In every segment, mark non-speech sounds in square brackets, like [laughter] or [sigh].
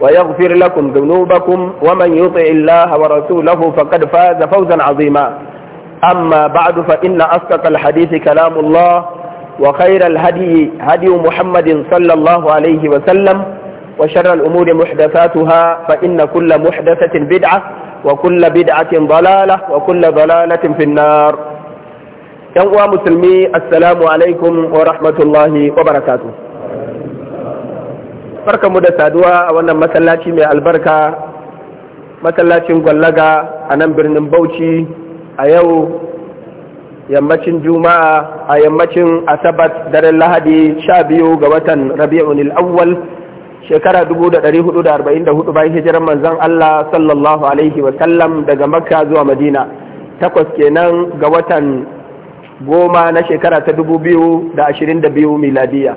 ويغفر لكم ذنوبكم ومن يطع الله ورسوله فقد فاز فوزا عظيما أما بعد فإن أصدق الحديث كلام الله وخير الهدي هدي محمد صلى الله عليه وسلم وشر الأمور محدثاتها فإن كل محدثة بدعة وكل بدعة ضلالة وكل ضلالة في النار يوم مسلمي السلام عليكم ورحمة الله وبركاته mu da saduwa a wannan masallaci mai albarka masallacin gwallaga a nan birnin bauchi a yau yammacin juma'a a yammacin asabat daren lahadi sha biyu ga watan rabi'un awwal shekara 1444 bayan hijirar manzon Allah sallallahu alaihi wa sallam daga makka zuwa madina takwas kenan ga watan goma na shekara ta 2022 miladiya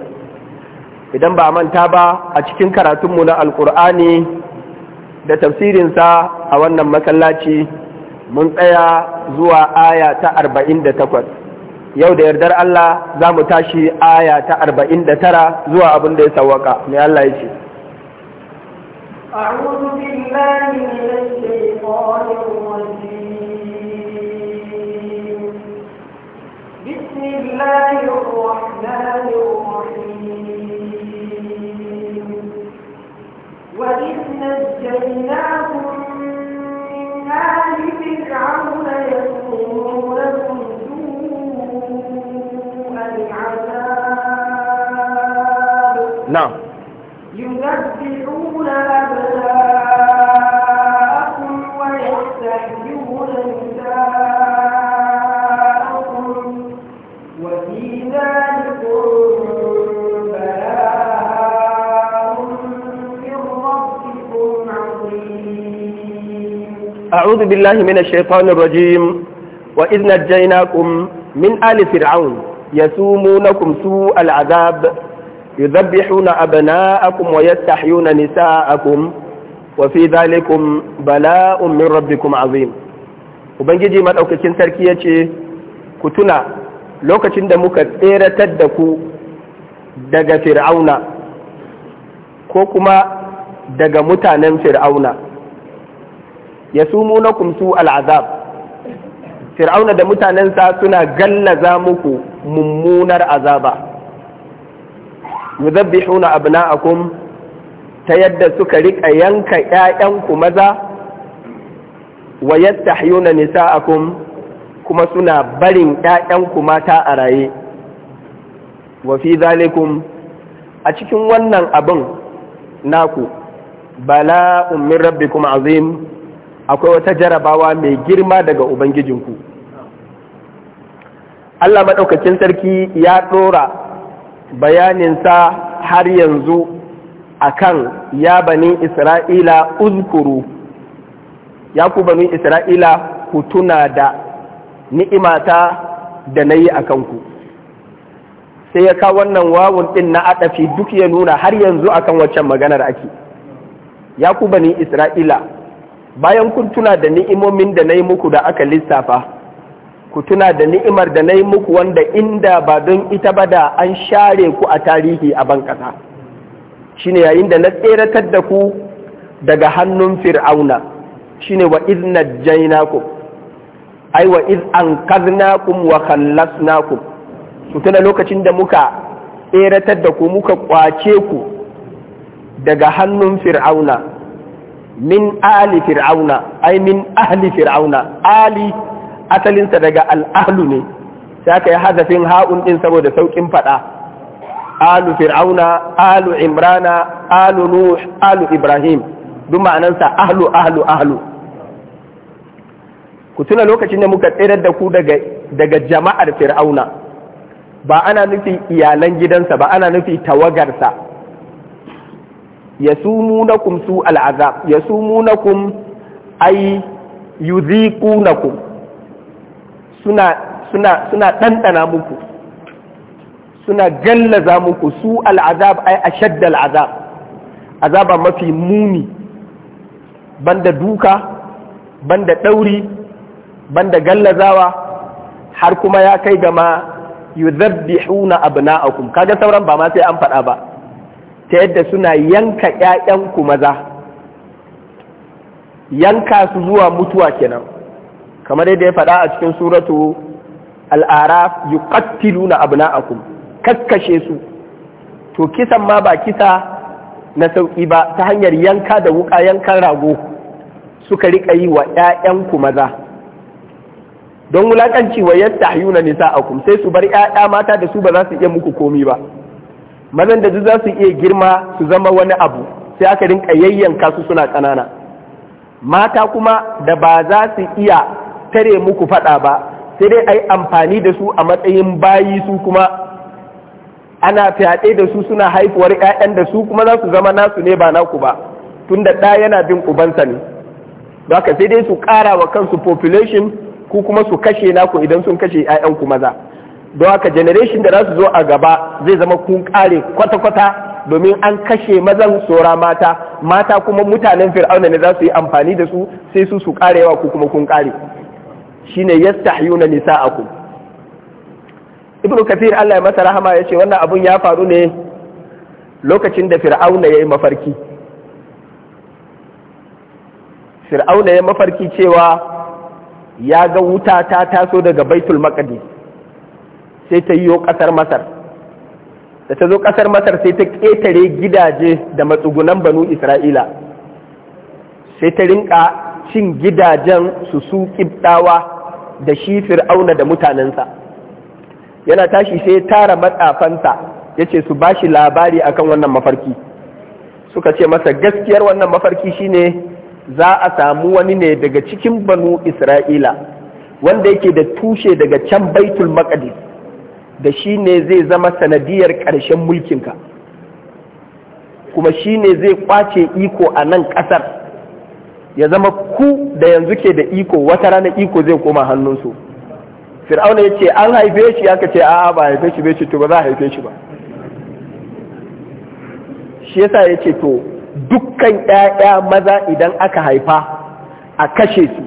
idan ba manta ba a cikin karatunmu na alƙur'ani da tafsirinsa a wannan makallaci, mun tsaya zuwa aya ta arba'in da takwas, yau da yardar Allah za mu tashi aya ta arba'in da tara zuwa abin da ya sawaka mai Allah ya ce بسم الله الرحمن الرحيم وإذ نجيناكم من آل فرعون يسومونكم سوء العذاب نعم يذبحون أبناءكم ويستحيون نساءكم أعوذ بالله من الشيطان الرجيم وإذ نجيناكم من آل فرعون يسومونكم سوء العذاب يذبحون أبناءكم ويستحيون نساءكم وفي ذلك بلاء من ربكم عظيم وبنجي ما sarki ya ce كتنا لو كتن دموك muka tseratar da ku daga fir'auna ko kuma daga ya sumu na al'azab fir'auna da mutanensa suna gallaza muku mummunar azaba yuzabbihuna abna'akum ta yadda suka rika yanka ƴaƴanku maza wa nisa nisa'akum kuma suna barin ƴaƴanku mata a raye wa fi zalikum a cikin wannan abin naku bala'un min rabbikum azim akwai wata jarabawa mai girma daga ubangijinku Allah maɗaukacin sarki ya ɗora bayaninsa har yanzu akan ya bani isra'ila uzkuru ya ku bani isra'ila ku tuna da ni'imata da na yi a kanku sai ya kawo wannan wawun ɗin na aɗafi duk ya nuna har yanzu akan waccan maganar ake ya ku bani isra'ila bayan kun tuna da ni'imomin da na yi muku da aka lissafa ku tuna da ni'imar da na yi muku wanda inda ba don ita ba da an share ku a tarihi a ban ƙasa ne yayin da na tseratar da ku daga hannun fir'auna shi ne wa iz jainaku ai wa iz anqadnakum wa khallasnakum ku tuna lokacin da muka tseratar da ku muka kwace ku daga hannun fir'auna min ali fir'auna ai min ahli fir'auna ali asalinsa daga al ahlu ne sai aka yi hazafin ha'un din saboda saukin fada alu fir'auna alu imrana alu nuh alu ibrahim duk ma'anansa ahlu ahlu ahlu ku tuna lokacin da muka tsirar da ku daga daga jama'ar fir'auna ba ana nufi iyalan gidansa ba ana nufi tawagarsa yasumunakum su al'azab yasumunakum ay yudhiqunakum suna suna suna dandana muku suna gallaza muku su al'azab ay shadda al'azab azaba mafi muni banda duka banda ɗauri banda gallazawa har kuma ya kai gama yudhabbihuna abna'akum kaga sauran ba ma sai an faɗa ba ta yadda suna yanka ‘ya'yanku maza yanka su zuwa mutuwa kenan kamar yadda ya faɗa a cikin suratu al'araf yi ƙattilu na abu kakkashe su to kisan ma ba kisa na sauƙi ba ta hanyar yanka da wuƙa yankan rago suka riƙa yi wa ‘ya'yanku maza don wulaƙanci wa yadda nisa nisa'akum sai su bar ‘ya'ya mata da su ba za su iya muku komi ba mazan da za su iya girma su zama wani abu sai aka rinka yayyanka su suna ƙanana mata kuma da ba za su iya tare muku faɗa ba sai dai ayi amfani da su a matsayin bayi su kuma ana fyaɗe da su suna haifuwar ƴaƴan da su kuma za su zama nasu ne ba naku ba tun da ɗa yana bin ubansa ne da sai dai su ƙara wa kansu population ku kuma su kashe naku idan sun kashe ƴaƴan ku maza don haka generation da za su zo a gaba zai zama kun kare kwata-kwata domin an kashe mazan sora mata mata kuma mutanen fir'auna ne za su yi amfani da su sai su su karewa ku kuma kun kare shine a ku ibu kafir Allah ya masa rahama ya ce wannan abun ya faru ne lokacin da fir'auna ya yi mafarki fir'auna ya mafarki cewa ya ga wuta ta taso daga baitul maqdis sai ta yiwo ƙasar masar da ta zo ƙasar masar sai ta ƙetare gidaje da matsugunan banu isra'ila sai ta rinka cin gidajen su su ƙibɗawa da shi fir'auna da mutanensa yana tashi sai tara matsafansa ya ce su shi labari akan wannan mafarki suka ce masa gaskiyar wannan mafarki shine za a samu wani ne daga cikin banu isra'ila wanda yake da tushe daga can baitul maqdis da shi ne zai zama sanadiyar ƙarshen mulkinka kuma shi ne zai kwace iko a nan ƙasar ya zama ku da yanzu ke da iko wata rana iko zai koma hannunsu fir'auna ya ce an haife shi aka ce a'a ba haife shi bai ce to ba za a haife shi ba shi yasa ya ce to dukkan ɗaya maza idan aka haifa a kashe su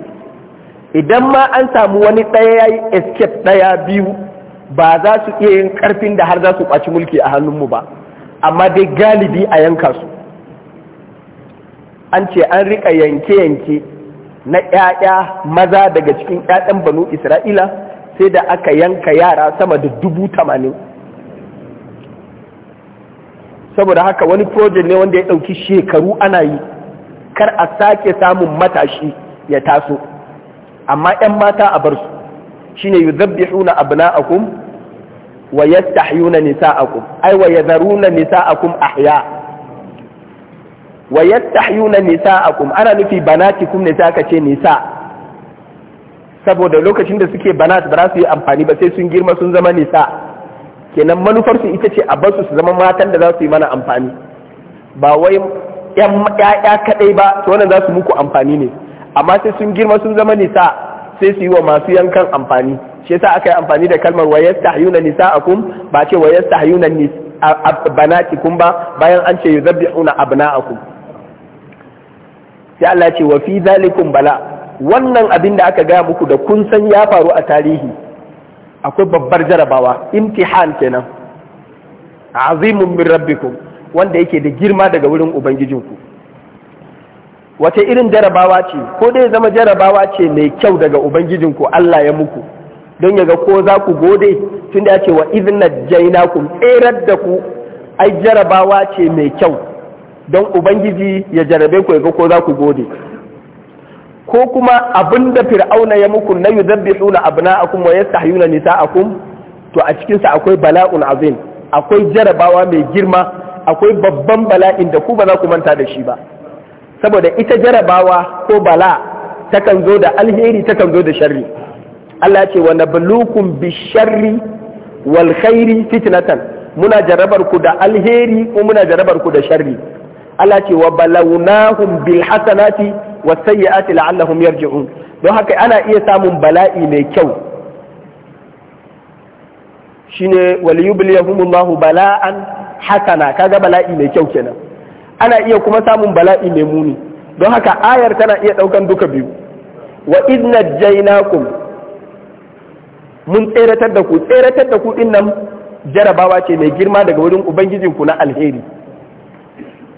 idan ma an samu wani ɗaya ya yi escape ɗaya biyu ba za su iya yin karfin da har za su ɓaci mulki a hannunmu ba amma dai galibi a yanka su an ce an riƙa yanke-yanke na ƴaƴa maza daga cikin ƴaƴan banu isra'ila sai da aka yanka yara sama da dubu tamanin saboda haka wani project ne wanda ya ɗauki shekaru ana yi kar a sake samun matashi ya taso amma 'yan mata a bar su shine yudhabbihuna abna'akum wa yastahyuna nisa'akum ay wa yadharuna nisa'akum ahya wa yastahyuna nisa'akum ana nufi banatikum ne ta aka ce nisa saboda lokacin da suke banat ba za su yi amfani ba sai sun girma sun zama nisa kenan manufarsu ita ce a basu su zama matan da za su yi mana amfani ba wai ‘ya'ya kaɗai ba to wannan za su muku amfani ne amma sai sun girma sun zama nisa sai su yi wa masu yankan amfani shi yasa aka yi amfani da kalmar wa yastahyuna nisa'akum ba ce wa yastahyuna banatikum ba bayan an ce yuzabbihuna abna'akum sai Allah ce wa fi zalikum bala wannan abin da aka gaya muku da kun san ya faru a tarihi akwai babbar jarabawa imtihan kenan azimun min rabbikum wanda yake da girma daga wurin ubangijinku wata irin jarabawa ce ko dai zama jarabawa ce mai kyau daga ubangijinku Allah ya muku don yaga ga ko za ku gode tun da ya ce wa izina jainakun tserar da ku ai jarabawa ce mai kyau don ubangiji ya jarabe ku ya ga ko za ku gode ko kuma abinda fir'auna ya muku na yuzabbihuna abna'akum wa yastahyuna nisa'akum to a cikin akwai bala'un azim akwai jarabawa mai girma akwai babban bala'in da ku ba za ku manta da shi ba saboda ita jarabawa ko bala takan zo da alheri takan zo da sharri Allah ce wa nabluukum bisharri wal khairi fitnatan muna jarabar ku da alheri ko muna jarabar ku da sharri Allah ce wa balawnahum bil hasanati was sayyiati la'allahum yarji'un don haka ana iya samun bala'i mai kyau shine waliyubliyahumullahu bala'an hasana kaga bala'i mai kyau kenan ana iya kuma samun bala'i mai muni don haka ayar tana iya ɗaukan duka biyu wa idna jainakum mun tseratar da ku tseratar da ku din nan jarabawa ce mai girma daga wurin ubangijin ku na alheri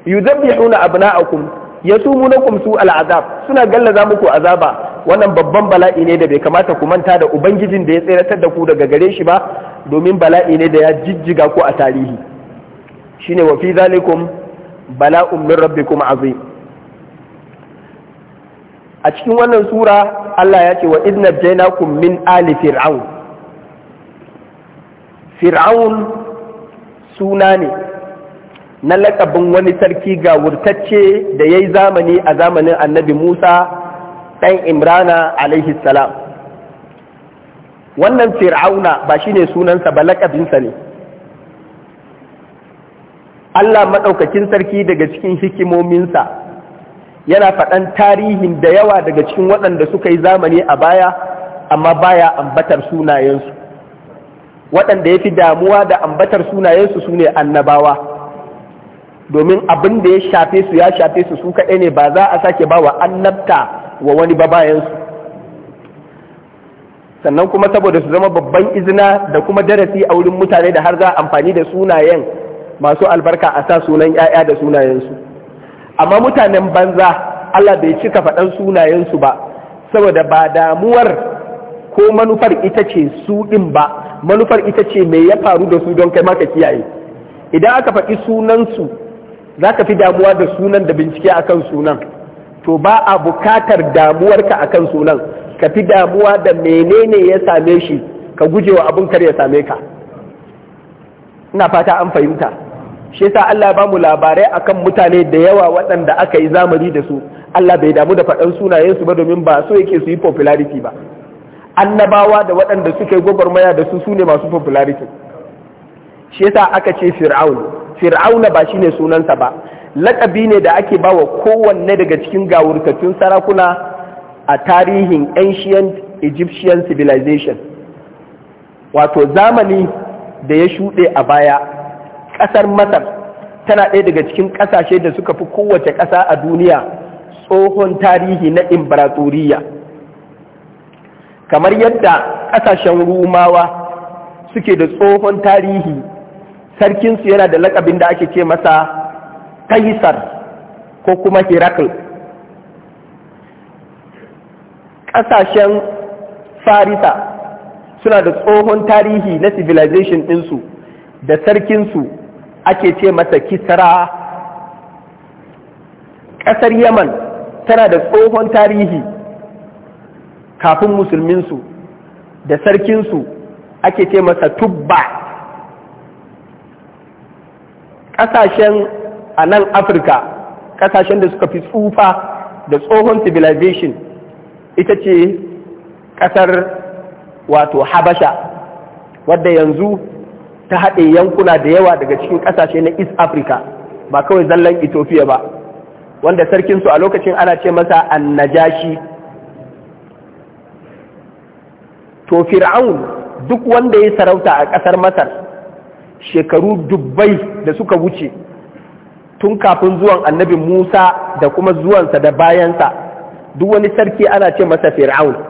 yuzabbihuna abna'akum yasumunakum su al'azab suna gallaza muku azaba wannan babban bala'i ne da bai kamata ku manta da ubangijin da ya tseratar da ku daga gare shi ba domin bala'i ne da ya jijjiga ku a tarihi shine wa fi zalikum bala'un min rabbikum azim a cikin wannan sura Allah ya ce wa idna jainakum min ali fir'aun fir'aun suna ne na lakabin wani sarki ga wurtacce da ya yi zamani a zamanin annabi musa ɗan imrana alaihi salam wannan fir'auna ba shi ne sunansa ba lakabinsa ne Allah maɗaukakin sarki daga cikin hikimominsa yana faɗan tarihin da yawa daga cikin waɗanda suka yi zamani a baya amma baya ambatar sunayensu waɗanda ya fi damuwa da ambatar sunayensu su ne annabawa domin abin da ya shafe su ya shafe su su kaɗai ne ba za a sake ba wa annabta wa wani ba bayansu sannan kuma saboda su zama babban izina da kuma darasi a wurin mutane da har za amfani da sunayen masu albarka a sa sunan ‘ya'ya da sunayensu amma mutanen banza Allah bai cika faɗan sunayensu ba saboda ba damuwar ko manufar ita ce su ɗin ba manufar ita ce mai ya faru da su don kai maka kiyaye idan aka faɗi sunansu za ka fi damuwa da sunan da bincike a kan sunan to ba a bukatar damuwarka kan sunan ka fi damuwa da menene ya same shi ka guje wa abin kar ya same ka ina fata an fahimta shi yasa Allah ya bamu labarai akan mutane da yawa waɗanda aka yi zamani da su Allah bai damu da faɗan sunayensu ba domin ba so yake su yi popularity ba annabawa da waɗanda suka yi gwagwarmaya da su su masu popularity shi yasa aka ce fir'aun fir'auna ba shine sunansa ba laƙabi ne da ake bawa kowanne daga cikin gawurtattun sarakuna a tarihin ancient egyptian civilization wato zamani da ya shuɗe a baya ƙasar masar tana ɗaya daga cikin ƙasashe da suka fi kowace ƙasa a duniya tsohon tarihi na imbaratoriya kamar yadda ƙasashen rumawa suke da tsohon tarihi sarkinsu yana da lakabin da ake ce masa kaisar ko kuma herakl ƙasashen farisa suna da tsohon tarihi na civilization ɗinsu da sarkinsu ake ce masa kisra ƙasar yaman tana da tsohon tarihi kafin musulminsu da sarkinsu ake ce masa tubba ƙasashen a nan afirka ƙasashen da suka fi tsufa da tsohon civilization ita ce ƙasar wato habasha wadda yanzu ta haɗe yankuna da yawa daga cikin ƙasashe na east africa ba kawai zallan ethiopia ba wanda sarkinsu a lokacin ana ce masa annajashi to fir'aun duk wanda ya sarauta a ƙasar masar shekaru dubbai da suka wuce tun kafin zuwan annabi musa da kuma zuwansa da bayansa duk wani sarki ana ce masa fir'aun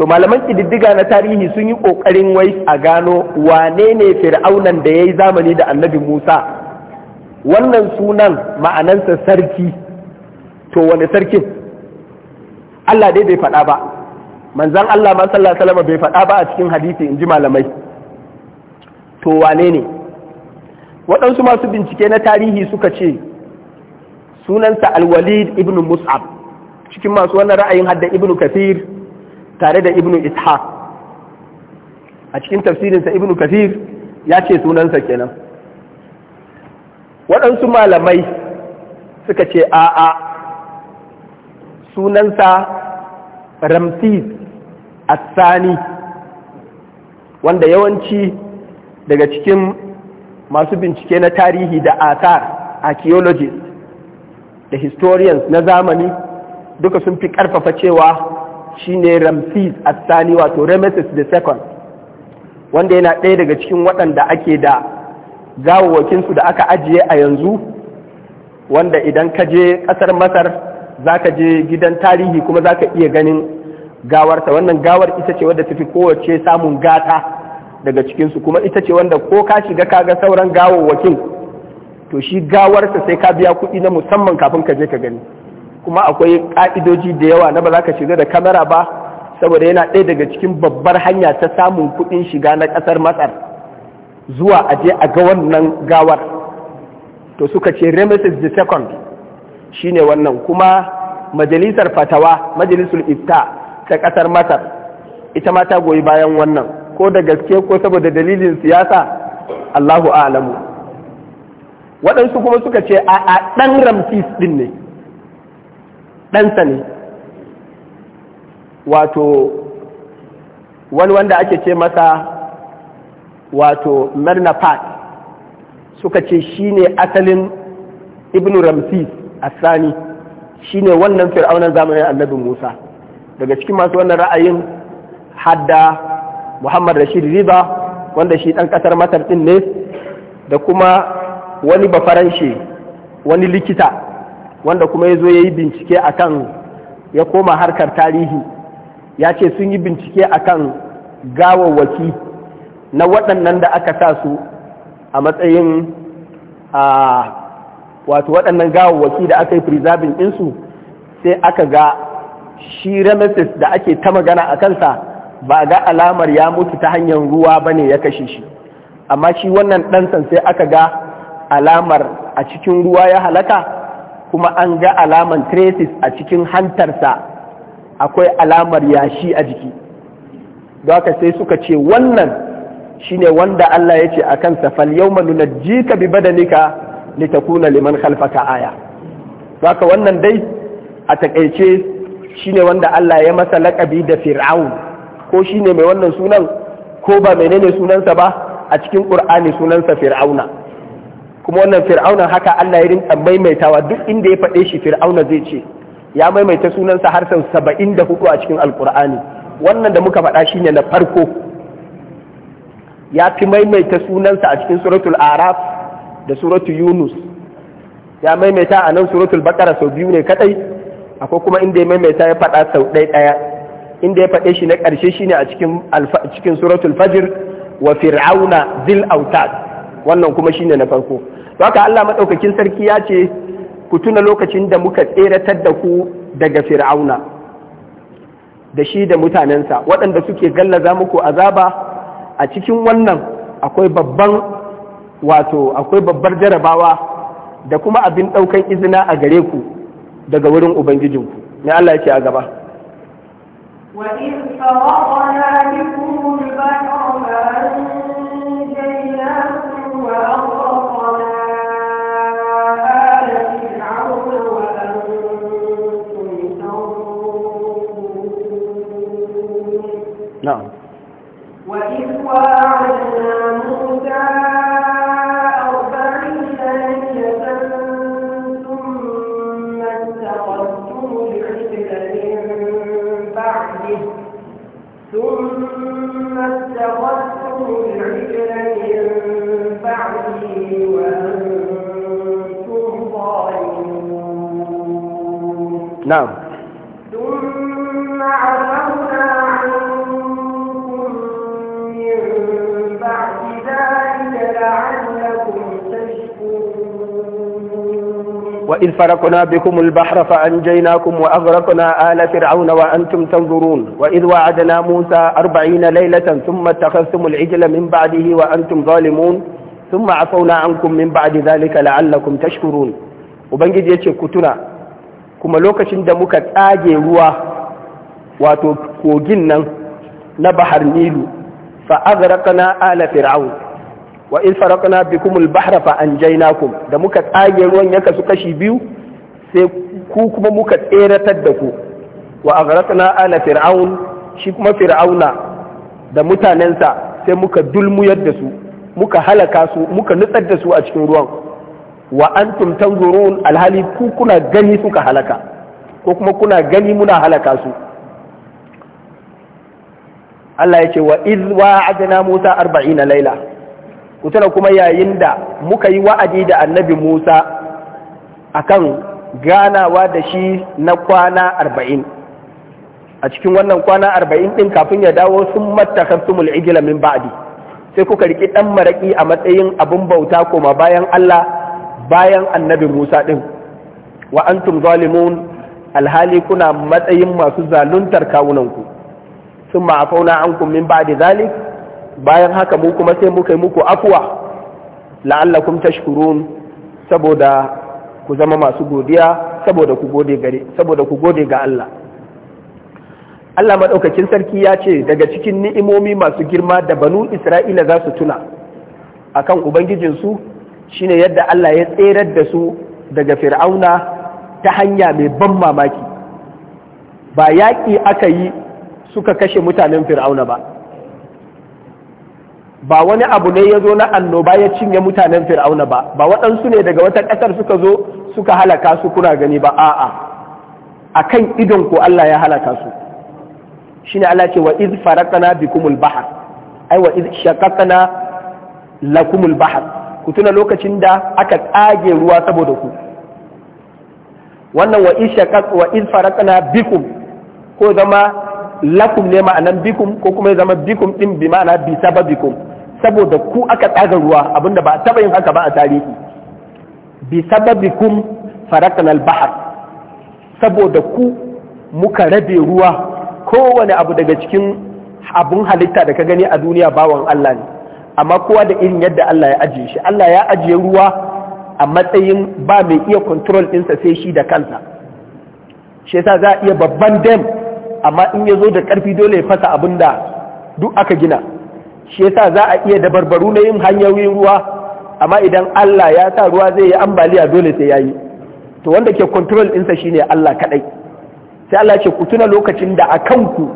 to malaman ƙididdiga na tarihi sun yi ƙoƙarin wai a gano wane ne fir'aunan da ya yi zamani da annabi musa wannan sunan ma'anansa sarki to wane sarkin allah dai bai faɗa ba manzan allah ma sallallahu alaihi bai faɗa ba a cikin hadisi in ji malamai to wane ne waɗansu masu bincike na tarihi suka ce sunansa alwalid ibn mus'ab cikin masu wannan ra'ayin hadda ibn kathir tare da ibnu ishaq a cikin tafsirinsa ibnu kafir ya ce sunansa kenan waɗansu malamai suka ce a'a sunansa ramsis assani wanda yawanci daga cikin masu bincike na tarihi da athar archaeologists da historians na zamani duka sun fi ƙarfafa cewa Shi shine ramses asani wato remeses the second wanda yana ɗaya daga cikin waɗanda ake da gawawakinsu da aka ajiye a yanzu wanda idan ka je ƙasar masar za ka je gidan tarihi kuma za ka iya ganin gawarsa wannan gawar ita ce wadda tafi kowace samun gata daga cikinsu kuma ita ce wanda ko ka shiga ka ga sauran gawawakin to shi gawarsa sai ka biya kuɗi na musamman kafin ka je ka gani kuma akwai ƙa'idoji da yawa na ba za ka shiga da kamera ba saboda yana ɗaya daga cikin babbar hanya ta samun kuɗin shiga na ƙasar masar zuwa aje a ga wannan gawar to suka ce remesis the second shi ne wannan kuma majalisar fatawa Majalisar ifta ta ƙasar masar ita ma goyi bayan wannan ko da gaske ko saboda dalilin siyasa allahu alamu waɗansu kuma suka ce a ɗan ramsis ɗin ne ɗansa ne wato wani wanda ake ce masa wato Park suka ce shi ne asalin ibn ramsis asani shi ne wannan fir'aunan zamanin annabi musa daga cikin masu wannan ra'ayin hadda muhammad rashid riba wanda shi ɗan ƙasar masar ɗin ne da kuma wani bafaranshe wani likita wanda kuma ya zo ya yi bincike a kan ya koma harkar tarihi ya ce sun yi bincike a kan gawawwaki na waɗannan da aka sa su a matsayin a wato waɗannan gawawwaki da aka yi preserving ɗinsu sai aka ga shi remesis da ake ta magana a kansa ba ga alamar ya mutu ta hanyar ruwa ba ne ya kashe shi amma shi wannan ɗansan sai aka ga alamar a cikin ruwa ya halaka kuma an ga alaman traces a cikin hantarsa akwai alamar yashi a jiki don haka sai suka ce wannan shine wanda Allah ya ce a kansa fal ji ka bi badanika kuna liman halfaka aya don haka wannan dai a takaice shine wanda Allah ya masa laƙabi da fir'aun ko shine mai wannan sunan ko ba menene sunansa ba a cikin ƙur'ani sunansa fir'auna kuma wannan fir'aunan haka Allah ya rinka maimaitawa duk inda ya faɗe shi fir'auna zai ce ya maimaita sunansa har sau saba'in da hudu a cikin alkur'ani wannan da muka faɗa shi ne na farko ya fi maimaita sunansa a cikin suratul araf da suratul yunus ya maimaita a nan suratul bakara sau biyu ne kadai akwai kuma inda ya maimaita ya faɗa sau ɗaya ɗaya inda ya faɗe shi na ƙarshe shi ne a cikin cikin suratul fajr wa fir'auna zil autad wannan kuma shine na farko to haka Allah maɗaukakin sarki ya ce ku tuna lokacin da muka tseratar da ku daga fir'auna da shi da mutanensa waɗanda suke gallaza muku azaba a cikin wannan akwai babban wato akwai babbar jarabawa da kuma abin ɗaukan izina a gare ku daga wurin ubangijinku ne Allah ya ce a gaba وإذ فرضنا وإذ فرقنا بكم البحر فأنجيناكم وأغرقنا آل فرعون وأنتم تنظرون وإذ وعدنا موسى أربعين ليلة ثم اتخذتم العجل من بعده وأنتم ظالمون ثم عفونا عنكم من بعد ذلك لعلكم تشكرون وبنجد يتشي كتنا كما لوكش دمك تاجي روا واتو كوجنن نبحر نيلو فأغرقنا آل فرعون wa in farakna bikumul bahra fa anjaynakum da muka tsage ruwan ya kasu kashi biyu sai ku kuma muka tseratar da ku wa aghraqna ala fir'aun shi kuma fir'auna da mutanensa sai muka dulmuyar da su muka halaka su muka nutsar da su a cikin ruwan wa antum tanzurun alhali ku kuna gani suka halaka ko kuma kuna gani muna halaka su Allah ya ce wa iz wa'adna Musa arba'ina laila ku kuma yayin da muka yi wa'adi da annabi Musa akan ganawa da shi na kwana arba'in a cikin wannan kwana arba'in ɗin kafin ya dawo sun mattakhasumul ijla min ba'adi, sai kuka riƙi ɗan maraƙi a matsayin abin bauta koma bayan Allah bayan annabi Musa ɗin wa antum zalimun alhali kuna matsayin masu zaluntar kawunanku sun ma'afauna an min zalik bayan haka mu kuma sai muka yi muku afuwa la'allakum tashkurun saboda ku zama masu godiya saboda ku gode ga Allah Allah madaukakin sarki ya ce daga cikin ni'imomi masu girma da banu Isra'ila za su tuna akan ubangijinsu shine yadda Allah ya tserar da su daga fir'auna ta hanya mai ban mamaki ba yaƙi aka yi suka kashe mutanen fir'auna ba ba wani abu ne ya zo na annoba ya cinye mutanen fir'auna ba ba waɗansu ne daga wata ƙasar suka zo suka halaka su kuna gani ba a'a kan idon ku Allah ya halaka su ne Allah ce wa iz faraqana bikumul bahar ai wa iz lakumul bahar ku tuna lokacin da aka tsage ruwa saboda ku wannan wa iz shaqaq wa iz faraqana bikum ko zama lakum ne ma'anan bikum ko kuma ya zama bikum din bi ma'ana bi sababikum saboda ku aka tsaga ruwa abinda ba taba yin haka ba a tarihi bi sababikum farakna albahar saboda ku muka rabe ruwa kowane abu daga cikin abun halitta da ka gani a duniya bawan Allah ne amma kowa da irin yadda Allah ya ajiye shi Allah ya ajiye ruwa a matsayin ba mai iya control ɗinsa sai shi da kansa shi yasa za a iya babban dam amma in ya zo da ƙarfi dole ya fasa abin da duk aka gina shi yasa za a iya dabarbaru na yin hanyoyin ruwa amma idan Allah ya sa ruwa zai yi ambaliya dole sai yayi to wanda ke control sa shine Allah kadai sai Allah ce ku tuna lokacin da akan ku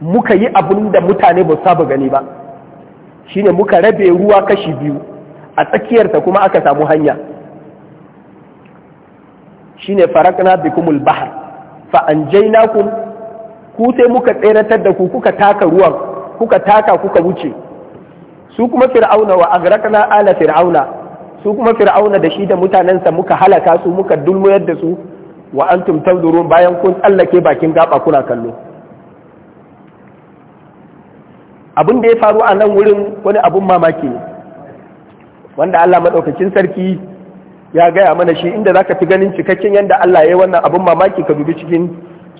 muka yi abun da mutane ba saba gani ba shine muka rabe ruwa kashi biyu a tsakiyarsa kuma aka samu hanya shine farakna bikumul bahar fa anjaynakum ku sai muka tseratar da ku kuka taka ruwan kuka taka kuka wuce su kuma fir'auna wa agrakna ala fir'auna su kuma fir'auna da shi da mutanensa muka halaka su muka dulmuyar da su wa antum tanzurun bayan kun tsallake bakin gaba kuna kallo abin da ya faru a nan wurin wani abun mamaki ne wanda Allah madaukakin sarki ya gaya mana shi inda zaka fi ganin cikakken yadda Allah ya yi wannan abun mamaki ka dubi cikin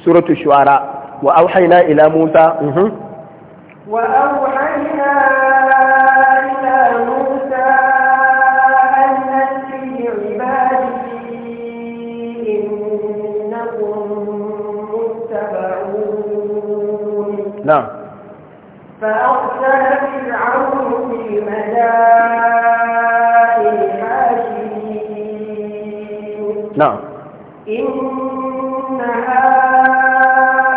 suratu shuara wa auhayna ila musa mhm. نعم فأرسل فرعون في مدائن حاشرين نعم إن هذا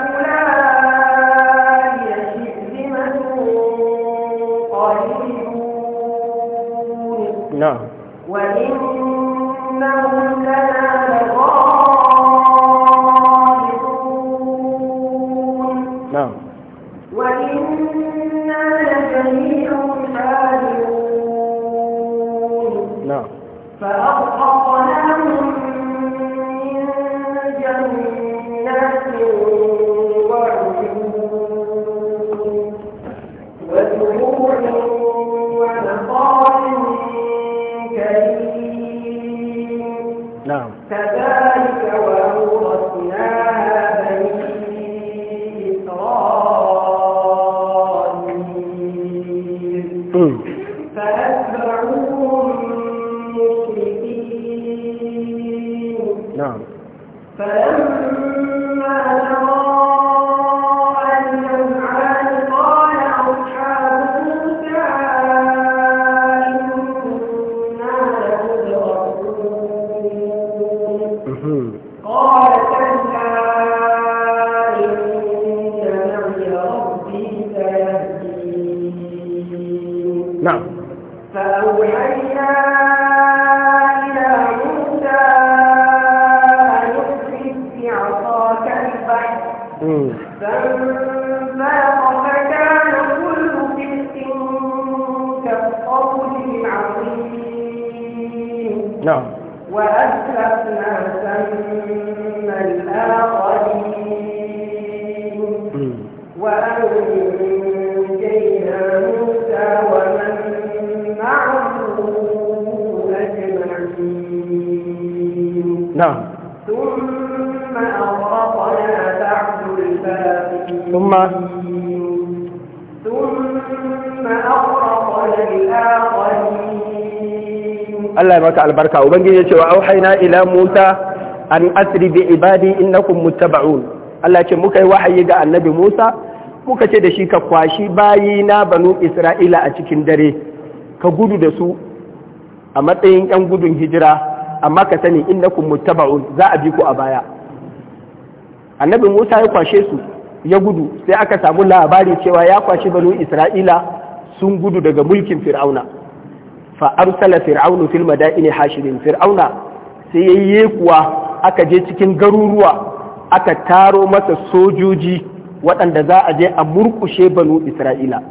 نعم وإنهم لنا لغائبون نعم وإنا لجميع حاذرون نعم فأخذ ya maka albarka ubangiji ya ce wa auhaina ila Musa an asri bi ibadi innakum muttaba'un Allah ce muka yi wahayi ga annabi Musa muka ce da shi ka kwashi bayi na banu Isra'ila a cikin dare ka gudu da su a matsayin yan gudun hijira amma ka sani innakum muttaba'un za a bi ku a baya annabi Musa ya kwashe su ya gudu sai aka samu labari cewa ya kwashi banu Isra'ila sun gudu daga mulkin Fir'auna fa fir'aunu filma da'i ne hashirin fir'auna sai yi kuwa aka je cikin garuruwa aka taro masa sojoji waɗanda za a je a murkushe banu isra'ila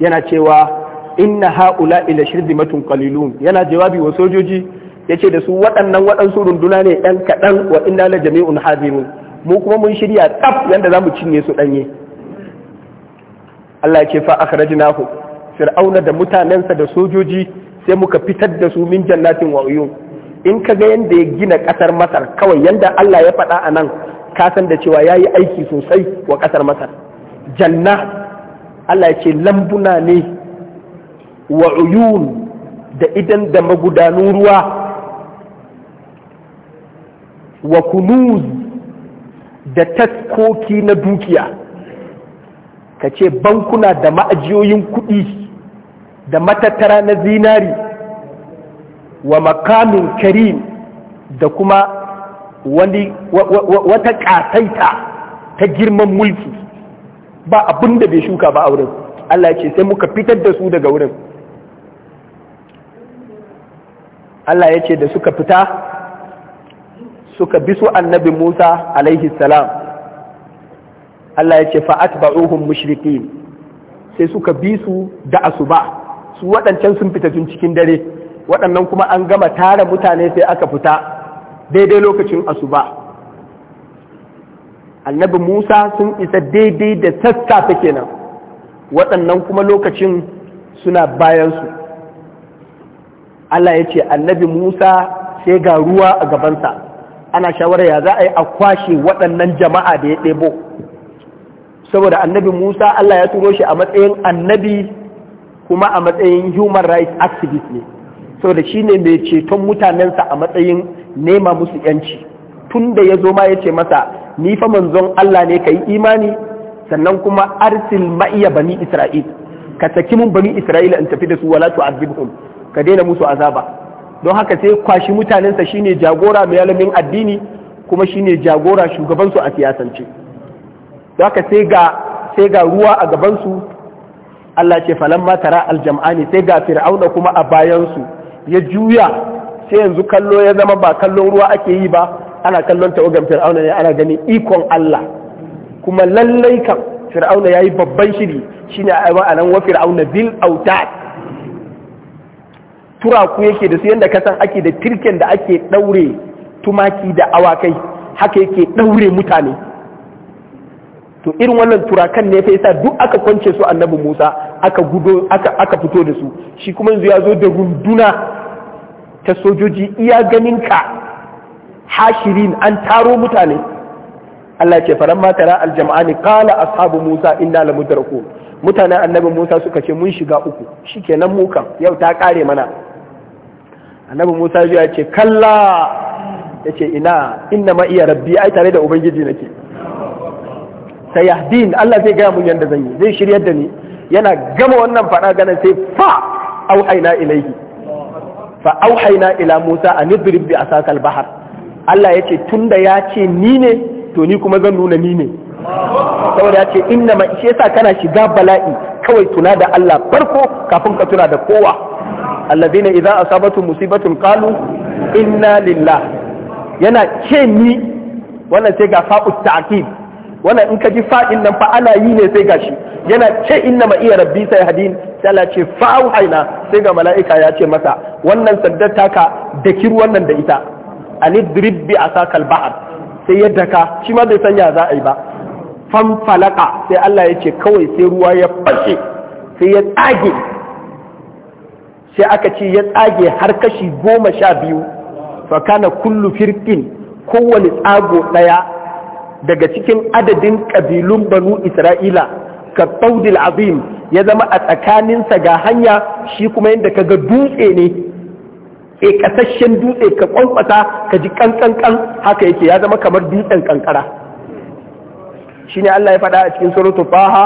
yana cewa inna ha'ula ila matun qalilun yana jawabi wa sojoji yace da su waɗannan waɗansu runduna ne ɗan kaɗan wa inna la jami'un hazirun mu kuma mun shirya tsaf yadda za mu cinye su ɗanye Allah ya ce fa akhrajnahu fir'auna da mutanensa da sojoji sai muka fitar da su min jannatin wa in ka ga yanda ya gina kasar masar kawai yanda Allah ya faɗa a nan ka san da cewa yayi aiki sosai wa kasar masar janna Allah ya ce lambuna ne wa uyun da idan da magudanun ruwa wa kunuz da taskoki na dukiya ka ce bankuna da ma'ajiyoyin kuɗi da matattara na zinari wa makamin karim da kuma wani wata ƙasaita ta girman mulki ba abin da bai shuka ba a wurin Allah ce sai muka fitar da su daga wurin Allah ya ce da suka fita suka bi su annabi Musa alaihi salam Allah ya ce fa'at ba'uhun mashirikin sai suka bi su da asuba su waɗancan sun fita tun cikin dare waɗannan kuma an gama tara mutane sai aka fita daidai lokacin asuba annabi musa sun isa daidai da sassafe kenan waɗannan kuma lokacin suna bayansu allah ya ce annabi musa sai ga ruwa a gabansa ana shawarar ya za a yi a kwashe waɗannan jama'a da ya ɗebo saboda annabi musa allah ya turo shi a matsayin annabi kuma a matsayin human rights activist ne da shi ne mai ceton mutanensa a matsayin nema musu yanci tun da ya zo ma ya ce masa ni fa manzon Allah ne ka yi imani sannan kuma arsil ma'iya bani isra'il ka saki mun bani Isra'il in tafi da su wala tu'azibhum ka daina musu azaba don haka sai kwashi mutanensa shine jagora mai alamin addini kuma shine jagora shugabansu a siyasance don haka sai ga sai ga ruwa a gabansu Allah ce falamma tara aljam'ani sai ga fir'auna kuma a bayansu ya juya sai yanzu kallo ya zama ba kallon ruwa ake yi ba ana kallon tawagan fir'auna ne ana gani ikon Allah kuma lallai kan fir'auna yayi babban shiri shine a anan wa fir'auna bil autad turaku yake da su yanda san ake da tirken da ake daure tumaki da awakai haka yake daure mutane to irin wannan turakan ne ya sa duk aka kwance su annabi Musa aka fito da su shi kuma yanzu ya zo da runduna ta sojoji iya ganinka hashirin an taro mutane Allah ce faran matara tara aljam'ani kala ashabu Musa inna lamudraku mutanen annabi Musa suka ce mun shiga uku shikenan mu kan yau ta kare mana annabi Musa ya ce kalla yace ina inna ma iya rabbi ai tare da ubangiji nake sayahdin Allah zai gaya mun yadda zan yi zai shiryar da ni yana gama wannan faɗa ganin sai fa auhaina ilaihi fa auhaina ila Musa an idrib bi asakal bahar Allah yace tunda ya ce ni ne to ni kuma zan nuna ni ne saboda ya ce inna ma shi yasa kana shiga bala'i kawai tuna da Allah farko kafin ka tuna da kowa alladhina idza asabatu musibatun qalu inna lillah yana ce ni wannan sai ga fa'u ta'qib wannan in ka ji fa'in nan fa ana yi ne sai gashi yana ce inna ma iya rabbi sai hadin sai Allah ce fa aina. sai ga mala'ika ya ce masa wannan sandar taka da daki wannan da ita ani drib bi asakal ba'ar. sai ya daka shi ma bai sanya za a yi ba fan falaka sai Allah ya ce kawai sai ruwa ya fashe sai ya tsage sai aka ce ya tsage har kashi goma sha biyu fa kana kullu firqin kowane tsago daya daga cikin adadin ƙabilun banu isra'ila ka tsaudil azim ya zama a tsakaninsa ga hanya shi kuma yadda ka ga dutse ne e kasashen dutse ka kwankwasa ka ji kankankan haka yake ya zama kamar dutsen kankara shine Allah ya faɗa a cikin suratul faha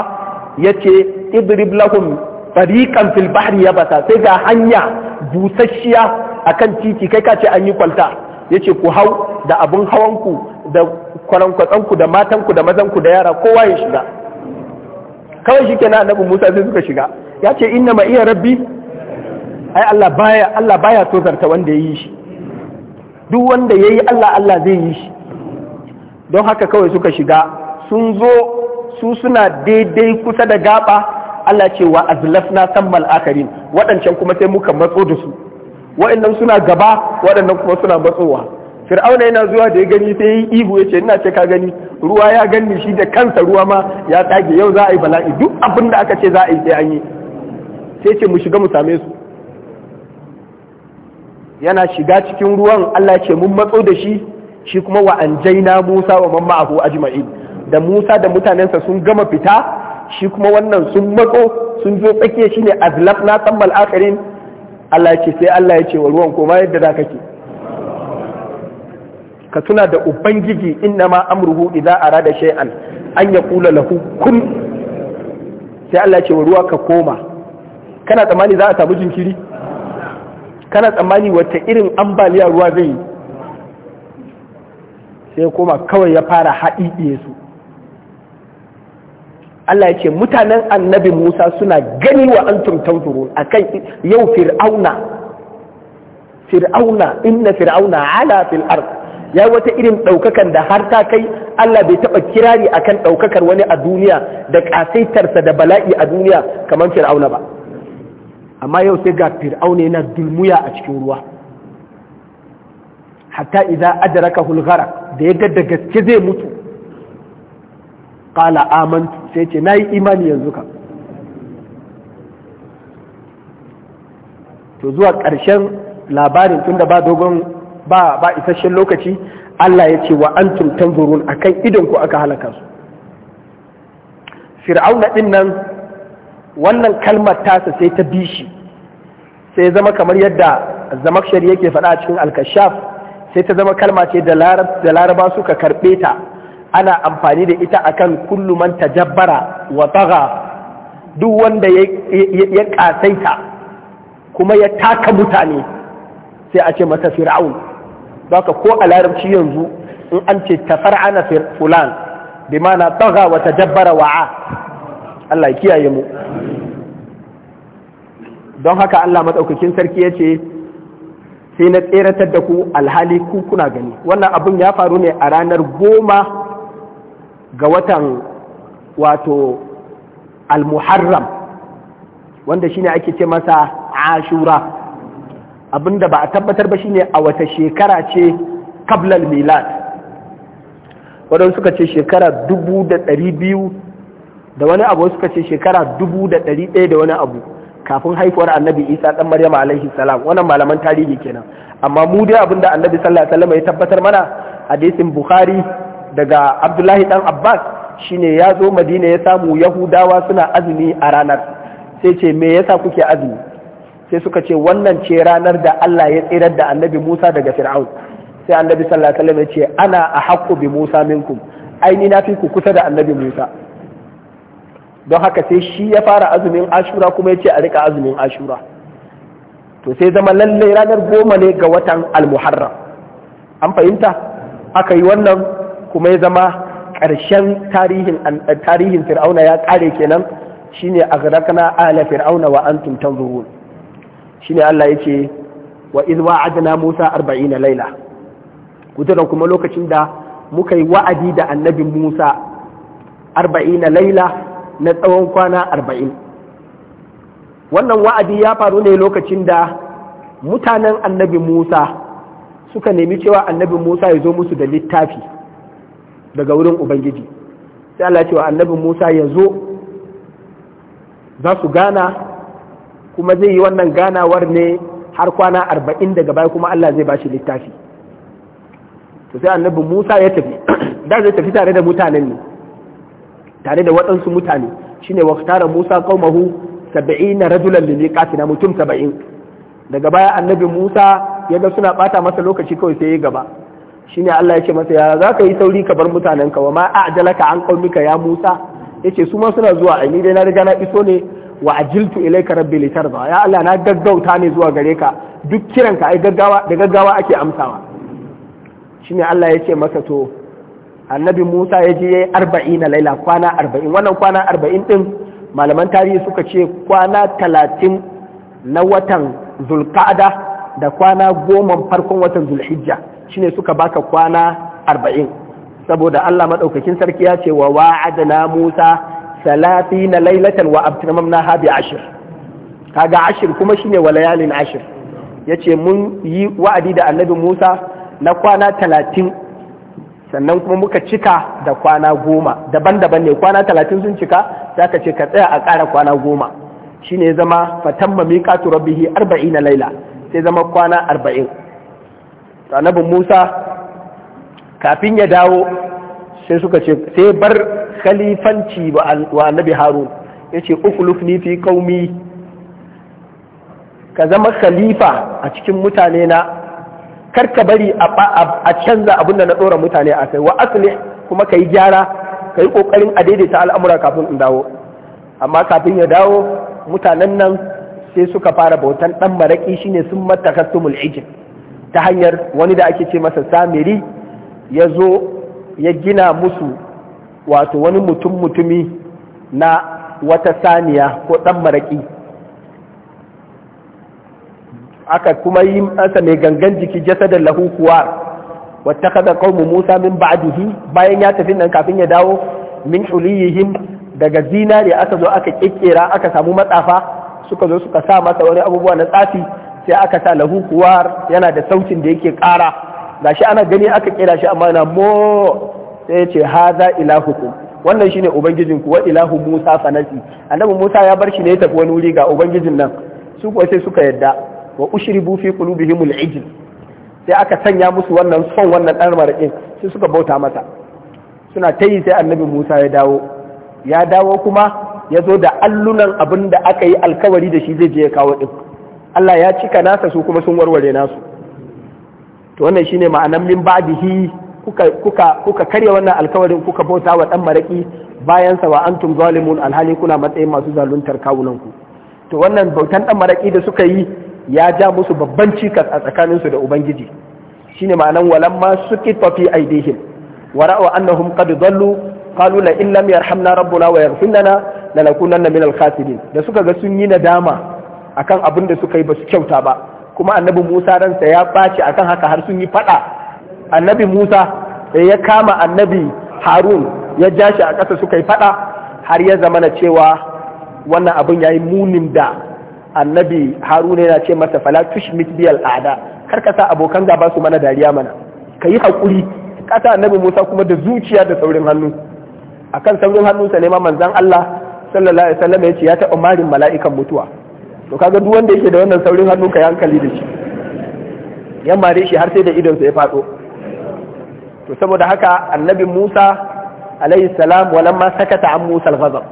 yace idrib lahum fariqan fil bahri yabasa sai ga hanya busasshiya akan titi kai ka ce an yi kwalta yace ku hau da abun hawanku da kwarankwatsonku da matanku da mazanku da yara kowa ya shiga kawai shi na annabi musa sai suka shiga ya ce inna ma iya rabbi ai allah baya allah baya tozarta wanda ya yi shi duk wanda ya yi allah allah zai yi shi don haka kawai suka shiga sun zo su suna daidai kusa da gaba Allah ce wa azlafna sammal akarin waɗancan kuma sai muka matso da su waɗannan suna gaba waɗannan kuma suna matsowa fir'auna yana zuwa da ya gani sai yi ihu ya ce ina ce ka gani ruwa ya gani shi da kansa ruwa ma ya tsage yau za a yi bala'i duk abin da aka ce za a yi sai an yi sai ce mu shiga mu same su yana shiga cikin ruwan Allah ce mun matso da shi shi kuma wa anjaina Musa wa man ma'ahu ajma'in da Musa da mutanensa sun gama fita shi kuma wannan sun matso sun zo tsakiya shine azlafna tammal akhirin Allah ya ce sai Allah ya ce wa ruwan koma yadda za ke. ka tuna da ubangiji inna ma amruhu idza arada shay'an an yaqula lahu kun sai Allah ce ruwa ka koma kana tsammani za a samu jinkiri kana tsammani wata irin ambaliya ruwa zai sai koma kawai ya fara haɗi su Allah ya ce mutanen annabi Musa suna gani wa antum tanzurun akan yau fir'auna fir'auna inna fir'auna ala fil ard ya wata irin ɗaukakan da har ta kai Allah bai taɓa kirari akan ɗaukakar wani a duniya da ƙasaitarsa da bala'i a duniya kamar fir'auna ba amma yau sai ga fir'auna yana dulmuya a cikin ruwa hatta idan adaraka hulghara da ya ga da gaske zai mutu qala amantu sai ce nayi imani yanzu ka to zuwa ƙarshen labarin tunda ba dogon ba ba isasshen lokaci Allah ya ce wa antum akan idon ku aka halaka su fir'auna din nan wannan kalmar tasa sai ta bi shi sai zama kamar yadda zamakshari yake faɗa a cikin alkashaf sai ta zama kalma ce da laraba suka karɓe ta ana amfani da ita akan kullu man tajabbara wa tagha duk wanda ya kasaita kuma ya taka mutane sai a ce masa fir'aun zaka ko a larabci yanzu in an ce ana fulan bi mana taga wa jabbara wa'a Allah ya kiyaye mu don haka Allah madaukakin sarki ya ce sai na tseratar da ku alhali ku kuna gani wannan abun ya faru ne a ranar goma ga watan wato al-muharram wanda shine ake ce masa ashura abinda ba a tabbatar ba shine a wata shekara ce kablal milad Wadanda suka ce shekara dubu da ɗari biyu da wani abu suka ce shekara dubu da ɗari ɗaya da wani abu kafin haifuwar annabi isa ɗan maryama alaihi salam wannan malaman tarihi kenan amma mu dai abin da annabi sallallahu alaihi wasallam ya tabbatar mana hadisin bukhari daga abdullahi ɗan abbas shine ya zo madina ya samu yahudawa suna azumi a ranar sai ce me yasa kuke azumi sai suka ce wannan ce ranar da Allah ya tsirar da annabi Musa daga Fir'aun sai annabi sallallahu alaihi wasallam ya ce ana a haqqu bi Musa minkum aini na fi ku kusa da annabi Musa don haka sai shi ya fara azumin Ashura kuma ya ce a rika azumin Ashura to sai zama lallai ranar goma ne ga watan Al-Muharram an fahimta aka yi wannan kuma ya zama ƙarshen tarihin Fir'auna ya ƙare kenan shine aghraqna ala fir'auna wa antum tanzurun shine Allah yace wa idh wa'adna Musa 40 laila kutura kuma lokacin da muka yi wa'adi da annabin Musa 40 laila na tsawon kwana 40 wannan wa'adi ya faru ne lokacin da mutanen annabi Musa suka nemi cewa annabi Musa ya zo musu da littafi daga wurin Ubangiji sai Allah cewa annabi Musa ya zo za su gana kuma zai yi wannan ganawar ne har kwana arba'in daga baya kuma Allah zai ba shi littafi to sai annabi Musa ya tafi [clears throat] da zai tafi tare da mutanen ne tare da waɗansu mutane shine waqtara Musa qaumahu 70 rajulan zai miqatina mutum saba'in. daga baya annabi Musa ya ga suna bata masa lokaci kawai sai ya gaba shine Allah ya ce masa ya za ka yi sauri ka bar mutanen ka. wa ma a'jalaka an qaumika ya Musa yace su ma suna zuwa ai ni dai na riga na iso ne wa ajiltu ilayka rabbi tarda ya Allah na gaggauta ne zuwa gare ka duk kiranka ai gaggawa da gaggawa ake amsawa shine Allah ya ce masa to annabi Musa ya je yayi 40 laila kwana 40 wannan kwana 40 din malaman tarihi suka ce kwana 30 na watan zulqa'da da kwana goma farkon watan zulhijja shine suka baka kwana 40 saboda Allah madaukakin sarki ya ce wa wa'adna Musa na lailatan wa abtamamna ha bi ashir kaga ashir kuma shine wa layalin ashir yace mun yi wa'adi da annabi Musa na kwana talatin sannan kuma muka cika da kwana goma daban-daban ne kwana talatin sun cika zaka ce ka tsaya a ƙara kwana goma shine zama fatamma miqatu rabbihi arba'ina laila sai zama kwana arba'in Annabi Musa kafin ya dawo sai suka ce sai bar khalifanci wa annabi harun ya ce ukulufni fi kaumi ka zama khalifa a cikin mutane na karka bari a canza abin da na ɗora mutane a kai wa asali kuma ka yi gyara ka yi ƙoƙarin a daidaita al'amura kafin in dawo amma kafin ya dawo mutanen nan sai suka fara bautan ɗan maraƙi shine sun matakastumul ijin ta hanyar wani da ake ce masa samiri ya zo ya gina musu wato wani mutum mutumi na wata saniya ko ɗan maraƙi aka kuma yi masa mai gangan jiki jasadar lahu kuwa wata kada kawo musa min ba'dihi bayan ya tafi nan kafin ya dawo min huliyihim daga zinari aka zo aka kikkera aka samu matsafa suka zo suka sa masa wani abubuwa na tsafi sai aka sa lahu yana da sautin da yake ƙara shi ana gani aka kira shi amma na mo sai ce haza ilahukum wannan shine ubangijin ku wa ilahu Musa fanasi annabi Musa ya bar shi ne ya tafi wani wuri ga ubangijin nan su kuwa sai suka yadda wa ushribu fi qulubihimul ijl sai aka sanya musu wannan son wannan dan marakin sai suka bauta masa suna ta yi sai annabi Musa ya dawo ya dawo kuma ya zo da allunan abin da aka yi alkawari da shi zai je ya kawo din Allah ya cika nasa su kuma sun warware nasu to wannan shine ma'anan min ba'dihi kuka kuka kuka karya wannan alkawarin kuka bauta wa dan maraki bayan sa wa antum zalimun alhali kuna matsayin masu zaluntar kawunanku. to wannan bautan ɗan maraki da suka yi ya ja musu babban cikas a tsakanin su da ubangiji shine ma'anan walamma suqita fi aidihim wa ra'u annahum qad dallu qalu la in lam yarhamna rabbuna wa yaghfir lana lanakunanna minal khasirin da suka ga sun yi nadama akan abin da suka yi ba su kyauta ba kuma annabi Musa ransa ya ɓaci akan haka har sun yi faɗa annabi Musa sai eh, ya kama annabi Harun ya ja shi a ƙasa suka yi faɗa har ya zama na cewa wannan abin ya yi munin da annabi Harun yana ce masa fala tushmit biyal ada kar ka sa abokan gaba su mana dariya mana ka yi haƙuri ƙasa annabi Musa kuma da zuciya da saurin hannu akan saurin hannunsa ne ma manzon Allah sallallahu alaihi wasallam ya ce ya taɓa marin mala'ikan mutuwa to kaga duk wanda yake da wannan saurin hannu ka hankali da shi yamma dai shi har sai da idon sa ya faɗo to saboda haka annabi Musa alaihi salam walamma sakata an Musa al-ghadab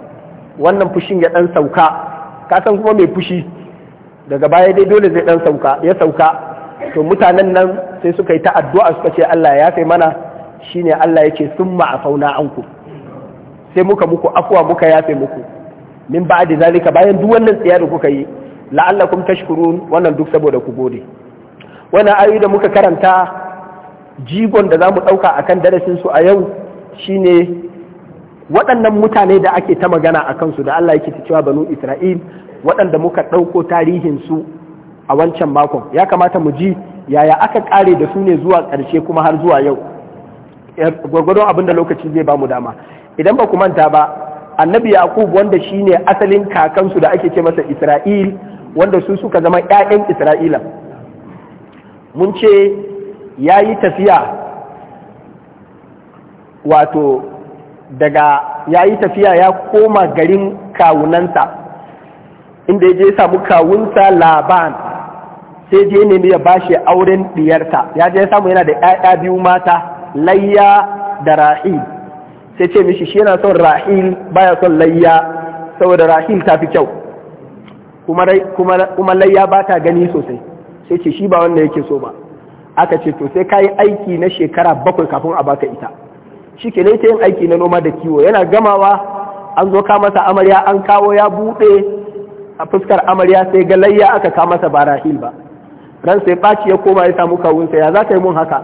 wannan fushin ya dan sauka ka san kuma mai fushi daga baya dai dole zai dan sauka ya sauka to mutanen nan sai suka yi ta addu'a suka ce Allah ya kai mana shine Allah yake summa afauna anku sai muka muku afwa muka yafe muku min ba da zalika bayan duk wannan tsiya da kuka yi la'allakum tashkurun wannan duk saboda ku gode wani ayu da muka karanta jigon da za zamu dauka kan darasin su a yau shine waɗannan mutane da ake ta magana a kansu da Allah yake cewa banu Isra'il waɗanda muka ɗauko tarihinsu a wancan makon ya kamata mu ji yaya aka ƙare da su ne zuwa ƙarshe kuma har zuwa yau gwargwadon abin da lokaci zai mu dama idan ba ku manta ba annabi yaqub wanda shine asalin kakansu da ake ce masa isra'il wanda su suka zama ƴaƴan isra'ila mun ce ya yi tafiya wato daga ya tafiya ya koma garin kawunansa inda ya je samu kawunsa laban sai je nemi ya bashi auren diyarta ya je samu yana da 'ya'ya biyu mata layya da ra'i sai ce mishi shi yana son rahil baya son layya saboda rahil ta fi kyau kuma layya ba ta gani sosai sai ce shi ba wanda yake so ba aka ce to sai ka yi aiki na shekara bakwai kafin a baka ita shi ke ta yin aiki na noma da kiwo yana gamawa an zo ka masa amarya an kawo ya buɗe a fuskar amarya sai ga layya aka kama sa ba rahil ba ran sai ɓaci ya koma ya samu kawunsa ya za ka yi mun haka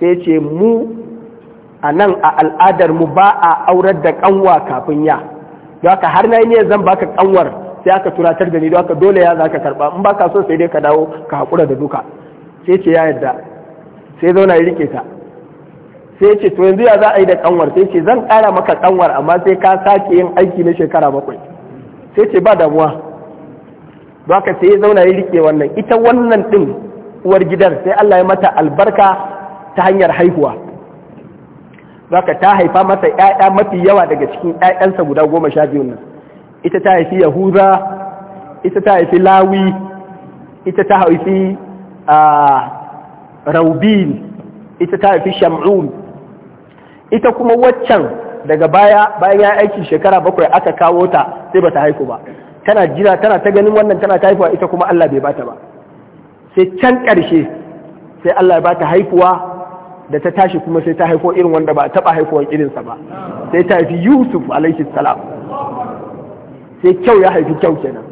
sai ce mu a nan a al'adar mu ba a aurar da ƙanwa kafin ya da aka har na yi ne zan baka ƙanwar sai aka tunatar da ni da aka dole ya za ka karɓa. in ka so sai dai ka dawo ka haƙura da duka sai ce ya yadda sai zauna ya rike ta sai ce to yanzu ya za a yi da ƙanwar sai ce zan kara maka ƙanwar amma sai ka sake yin aiki na shekara bakwai sai ce ba damuwa don haka sai zauna ya rike wannan ita wannan din uwar gidan sai Allah ya mata albarka ta hanyar haihuwa zaka ta haifa masa ƴaƴa mafi yawa daga cikin ƴaƴansa guda goma sha biyun nan ita ta haifi yahuza ita ta haifi lawi ita ta haifi raubin ita ta haifi sham'un ita kuma waccan daga baya bayan ya aiki shekara bakwai aka kawo ta sai bata haiku ba tana jira tana ta ganin wannan tana ta haifuwa ita kuma Allah bai bata ba sai can ƙarshe sai Allah ya bata haifuwa da ta tashi kuma sai ta haifo irin wanda ba a taɓa haifuwan irinsa ba sai ta haifi yusuf alaihi salam sai kyau ya haifi kyau kenan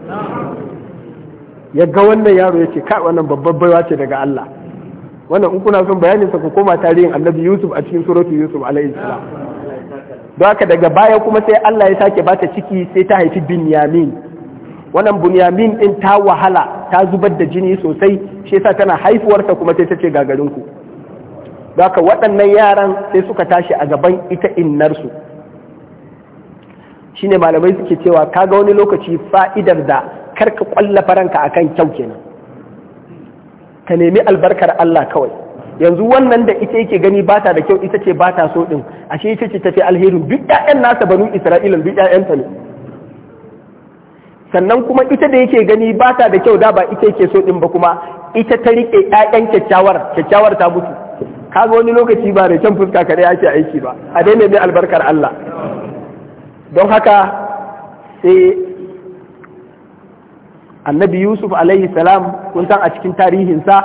ya ga wannan yaro ya ce kai wannan babbar baiwa ce daga Allah wannan in kuna son bayanin sa ku koma tarihin annabi Yusuf a cikin suratul Yusuf alaihi salam don haka daga baya kuma sai Allah ya sake bata ciki sai ta haifi Binyamin wannan Binyamin din ta wahala ta zubar da jini sosai shi yasa tana haifuwarsa kuma sai ta ce garin ku zaka waɗannan yaran sai suka tashi a gaban ita innarsu shine malamai suke cewa ga wani lokaci fa'idar da karka kwalla faranka kan kyau kenan ka nemi albarkar Allah kawai yanzu wannan da ita yake gani ba ta da kyau ita ce ba ta so a ashe ita ce tafi alherin duk ƴaƴan nasa banu Isra'ila duk ƴaƴanta ne sannan kuma ita da yake gani ba ta da kyau da ba ita yake so ɗin ba kuma ita ta riƙe ƴaƴan kyakkyawar kyakkyawar ta mutu kaga wani lokaci ba da can fuska kare ake aiki ba a daina mai albarkar Allah don haka sai annabi Yusuf alaihi salam kun san a cikin tarihinsa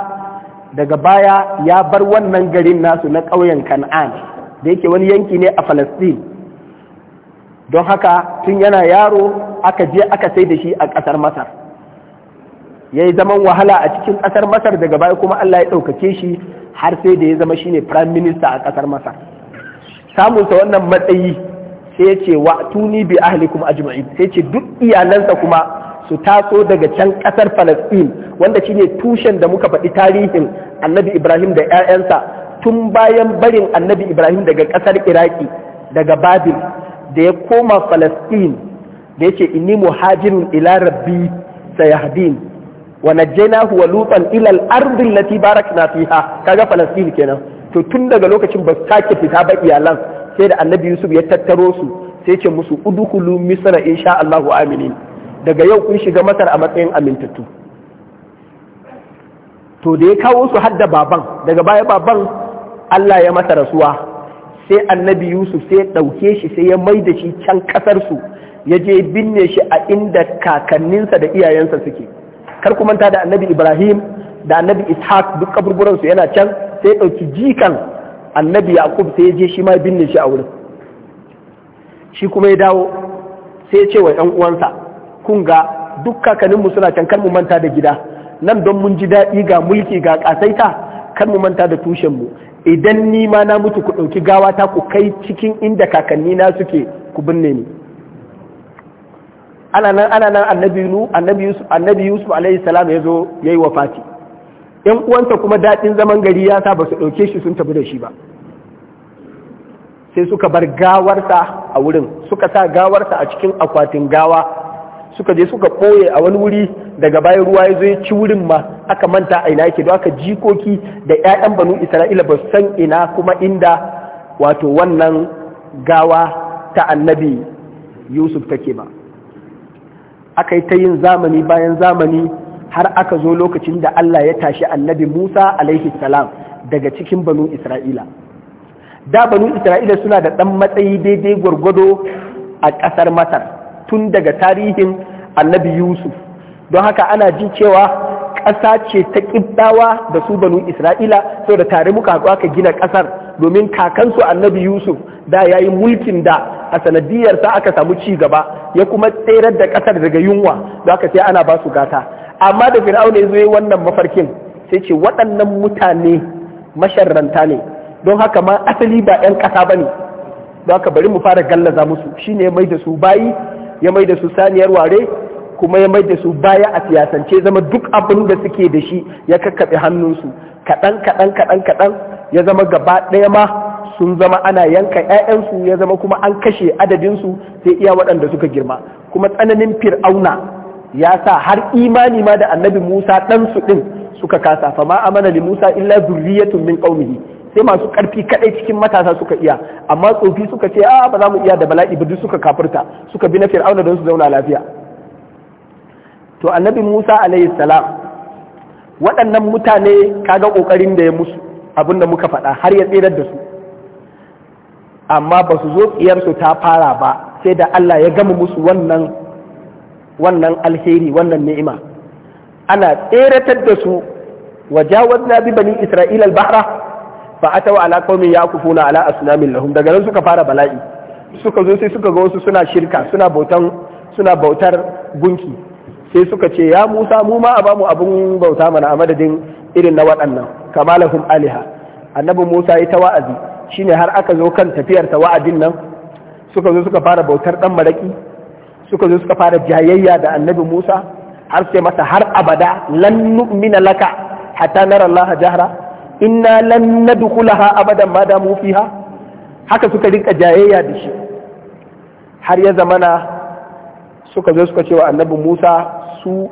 daga baya ya bar wannan garin nasu na ƙauyen kan'an da yake wani yanki ne a falastin don haka tun yana yaro aka je aka sai da shi a ƙasar masar ya yi zaman wahala a cikin ƙasar masar daga baya kuma allah ya ɗaukake shi har sai da ya zama shine prime minister a ƙasar masar samunsa wannan matsayi sai ya ce wa tuni bi a ajma'in sai ce duk iyalansa kuma su taso daga can ƙasar falasɗin wanda shine tushen da muka faɗi tarihin annabi ibrahim da 'ya'yansa tun bayan barin annabi ibrahim daga ƙasar iraki daga babil da ya koma falasɗin da ya ce inni muhajirun ila rabbi sayahdin wa najjaynahu wa lutan ilal al-ardi allati barakna fiha kaga falastin kenan to tun daga lokacin ba sake fita ba iyalan sai da annabi yusuf ya tattaro su sai ce musu udkhulu misra insha Allahu aminin daga yau kun shiga masar a matsayin amintattu to da ya kawo su hadda baban daga baya baban Allah ya masa rasuwa sai annabi yusuf sai ya ɗauke shi sai ya mai da shi can su ya je binne shi a inda kakanninsa da iyayensa suke kar ku manta da annabi ibrahim da annabi ishaq duk kaburburan su yana can sai ɗauki jikan annabi yaqub sai ya je shi ma binne shi a wurin shi kuma ya dawo sai ya ce wa ɗan uwansa kun ga duk kakanninmu suna can kar mu manta da gida nan don mun ji daɗi ga mulki ga ƙasaita kar mu manta da tushenmu idan ni ma na mutu ku ɗauki gawata ku kai cikin inda kakanni na suke ku binne ni ana nan annabi nu annabi yusuf annabi yusuf alaihi salam ya zo yayi wafati yan uwanta kuma daɗin zaman gari ya sa ba su ɗauke shi sun tafi da shi ba sai suka bar gawarsa a wurin suka sa gawarsa a cikin akwatin gawa suka je suka ɓoye a wani wuri daga bayan ruwa ya zo ya ci wurin ma aka manta a ina yake don aka jikoki da 'ya'yan banu isra'ila ba san ina kuma inda wato wannan gawa ta annabi yusuf take ba aka yi ta yin zamani bayan zamani har aka zo lokacin da Allah ya tashi annabi Musa alaihi salam daga cikin banu Isra'ila. Da banu Isra'ila suna da ɗan matsayi daidai gwargwado a ƙasar Masar tun daga tarihin annabi Yusuf. Don haka ana jin cewa ƙasa ce ta ƙibɗawa da su banu Isra'ila sau da tare muka haɗu aka gina ƙasar domin kakansu annabi yusuf da ya yi mulkin da a sanadiyarsa aka samu ci gaba ya kuma tserar da ƙasar daga yunwa da aka sai ana ba su gata amma da fir'aun ya zo yi wannan mafarkin sai ce waɗannan mutane masharranta ne don haka ma asali ba 'yan ƙasa ba ne don haka bari mu fara gallaza musu shine ya mai da su bayi ya mai da su saniyar ware kuma ya mai da su baya a siyasance zama duk abin da suke da shi ya kakkaɓe hannunsu kaɗan kaɗan kaɗan kaɗan ya zama gaba ɗaya ma sun zama ana yanka 'ya'yansu ya zama kuma an kashe adadinsu sai iya waɗanda suka girma kuma tsananin fir'auna ya sa har imani ma da annabi musa ɗansu ɗin suka kasa fa ma amana li musa illa zurriyatun min qaumihi sai masu ƙarfi kaɗai cikin matasa suka iya amma tsofi suka ce a ah, ba za mu iya da bala'i ba duk suka kafirta suka bi na fir'auna don su zauna lafiya to annabi musa alayhi salam waɗannan mutane kaga ƙoƙarin da ya musu abin da muka faɗa har ya tsirar da su amma ba su zo tsiyarsu ta fara ba sai da Allah ya gama musu wannan alheri wannan ni'ima ana tseratar da su wa na bi bani isra'ila al-bahra fa atawa ala kufu yaqufuna ala asnamin lahum daga nan suka fara bala'i suka zo sai suka ga wasu suna shirka suna suna bautar gunki sai suka ce ya Musa mu ma a bamu abun bauta mana a madadin irin na waɗannan kamalahum aliha annabi Musa ya ta wa'azi shine har aka zo kan tafiyar ta wa'adin nan suka zo suka fara bautar dan maraki suka zo suka fara jayayya da annabi Musa har sai masa har abada lan nu'mina laka hatta nara Allah jahra inna lan nadkhulaha abadan ma damu fiha haka suka rinka jayayya da shi har ya zamana suka zo suka ce wa annabi Musa su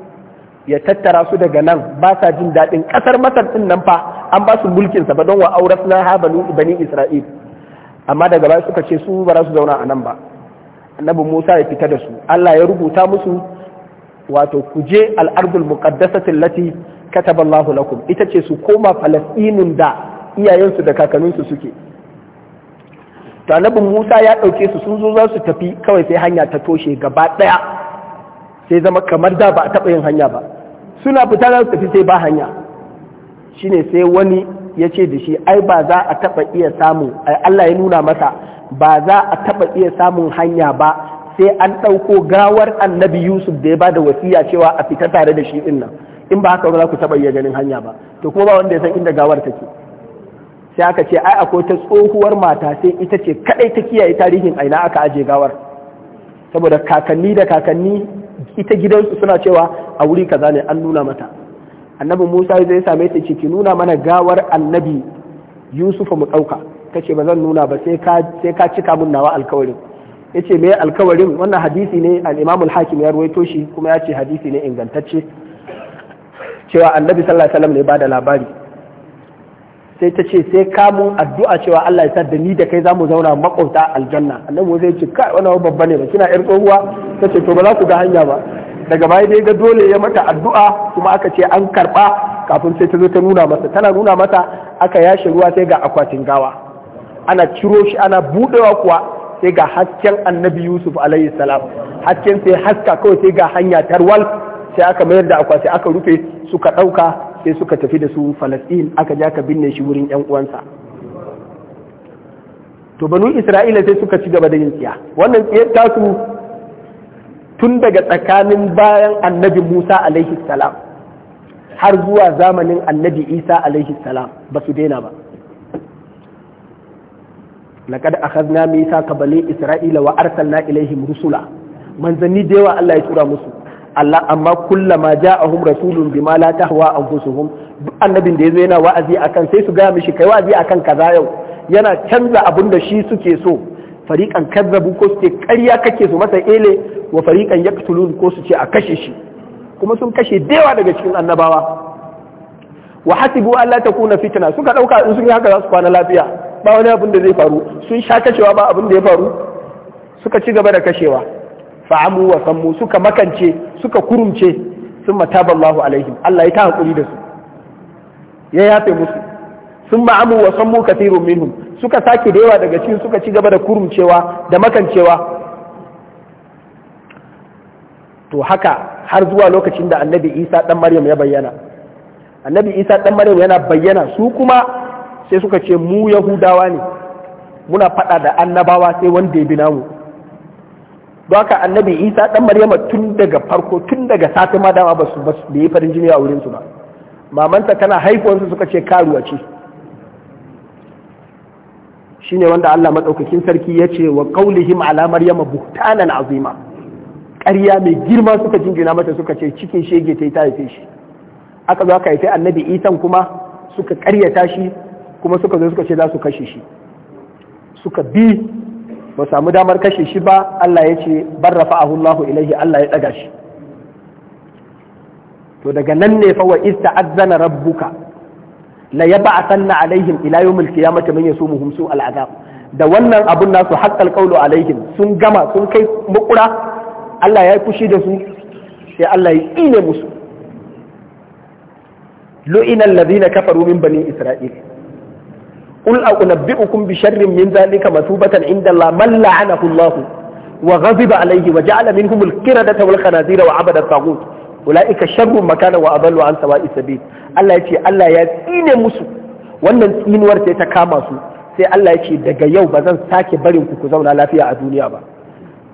ya tattara su daga nan ba sa jin daɗin ƙasar masar ɗin nan fa an ba su mulkin sa ba don wa auras na ha bani isra'il amma daga baya suka ce su ba za su zauna a nan ba annabi musa ya fita da su allah ya rubuta musu wato kuje je al'ardul muqaddasati allati kataba Allahu lakum ita ce su koma falastinun da iyayensu da kakanninsu suke to annabi Musa ya ɗauke su sun zo za su tafi kawai sai hanya ta toshe gaba ɗaya sai zama kamar da ba a taɓa yin hanya ba suna fita za su tafi sai ba hanya shine sai wani ya ce da shi ai ba za a taɓa iya samun Allah ya nuna masa ba za a taɓa iya samun hanya ba sai an ɗauko gawar annabi Yusuf da ya ba da wasiya cewa a fita tare da shi ɗin nan in ba haka za ku taɓa iya ganin hanya ba to kuma ba wanda ya san inda gawar take sai aka ce ai akwai ta tsohuwar mata sai ita ce kaɗai ta kiyaye tarihin aina aka aje gawar saboda kakanni da kakanni ita gidansu suna cewa a wuri kaza ne an nuna mata annabi musa zai same ta ciki nuna mana gawar annabi yusufa mu ɗauka ta ce ba zan nuna ba sai ka cika mun nawa alkawarin ya ce me alkawarin wannan hadisi ne al'imamul hakim ya ruwaito shi kuma ya ce hadisi ne ingantacce cewa annabi sallallahu alaihi ne ba da labari sai ta ce sai kamun addu'a cewa Allah ya sadda ni da kai za mu zauna makwauta aljanna annabi zai ce kai wannan babba ne ba kina yar tsohuwa ta ce to ba za ku ga hanya ba daga baya dai ga dole ya mata addu'a kuma aka ce an karɓa kafin sai ta zo ta nuna masa tana nuna masa aka yashe ruwa sai ga akwatin gawa ana ciro shi ana budewa kuwa sai ga hasken annabi Yusuf alaihi salam hasken sai haska kawai sai ga hanya tarwal sai aka mayar da akwati aka rufe suka ɗauka. sai suka tafi da su Falasɗin aka ja ka binne shi wurin yan uwansa to banu isra'ila sai suka ci gaba da yin tsiya wannan tsiyar tasu tun daga tsakanin bayan annabi musa alaihi salam har zuwa zamanin annabi isa alaihi salam ba su daina ba a laqad akhadna mithaqa bani isra'ila wa arsalna ilaihim rusula manzanni da yawa Allah ya tura musu Allah amma kulla kullama ja'ahum rasulun bima la tahwa anfusuhum duk annabin da yazo yana wa'azi akan sai su ga mishi kai wa'azi akan kaza yau yana canza abun da shi suke so fariƙan kazzabu ko suke ƙarya kake su masa ele wa fariƙan yaqtulun ko su ce a kashe shi kuma sun kashe dewa daga cikin annabawa wa hasibu alla takuna fitna suka dauka in sun yi haka za su kwana lafiya ba wani abin da zai faru sun sha kashewa ba abin da ya faru suka ci gaba da kashewa fa'amu wa sammu suka makance suka kurumce sun mataba Allahu alaihim Allah ya ta hakuri da su ya yafe musu sun ma'amu wa sammu kathirun minhum suka sake da yawa daga cikin suka ci gaba da kurumcewa da makancewa to haka har zuwa lokacin da annabi isa dan maryam ya bayyana annabi isa ɗan maryam yana bayyana su kuma sai suka ce mu yahudawa ne muna faɗa da annabawa sai wanda ya bi namu haka annabi isa dan maryama tun daga farko tun daga safe ma dama basu basu da yi farin jini a wurin su ba mamanta tana haifuwarsu suka ce karuwa ce shine wanda Allah madaukakin sarki ya ce wa qaulihim ala maryama buhtanan azima ƙarya mai girma suka jingina mata suka ce cikin shege ta yi ta haife shi aka zo aka haife annabi isan kuma suka ƙaryata shi kuma suka zo suka ce za su kashe shi suka bi ba samu damar kashe shi ba Allah ya ce barrafa ahullahu ilaihi Allah ya ɗaga shi to daga nan ne fa wa azzana rabbuka la yab'athanna alaihim ila yawmil qiyamati man yasumuhum su'al adab da wannan abun nasu haqqal qawlu alaihim sun gama sun kai mukura. Allah ya yi fushi da su sai Allah ya ine musu lu'ina alladhina kafaru min bani isra'il قل أنبئكم بشر من ذلك مثوبة عند الله من لعنه الله وغضب عليه وجعل منهم القردة والخنازير وعبد الطاغوت أولئك شر مكانا وأضل عن سواء السبيل الله يتي الله tsine مسو wannan tsinuwar sai ta kama su sai Allah ya ce daga yau ba zan sake barin ku ku zauna lafiya a duniya ba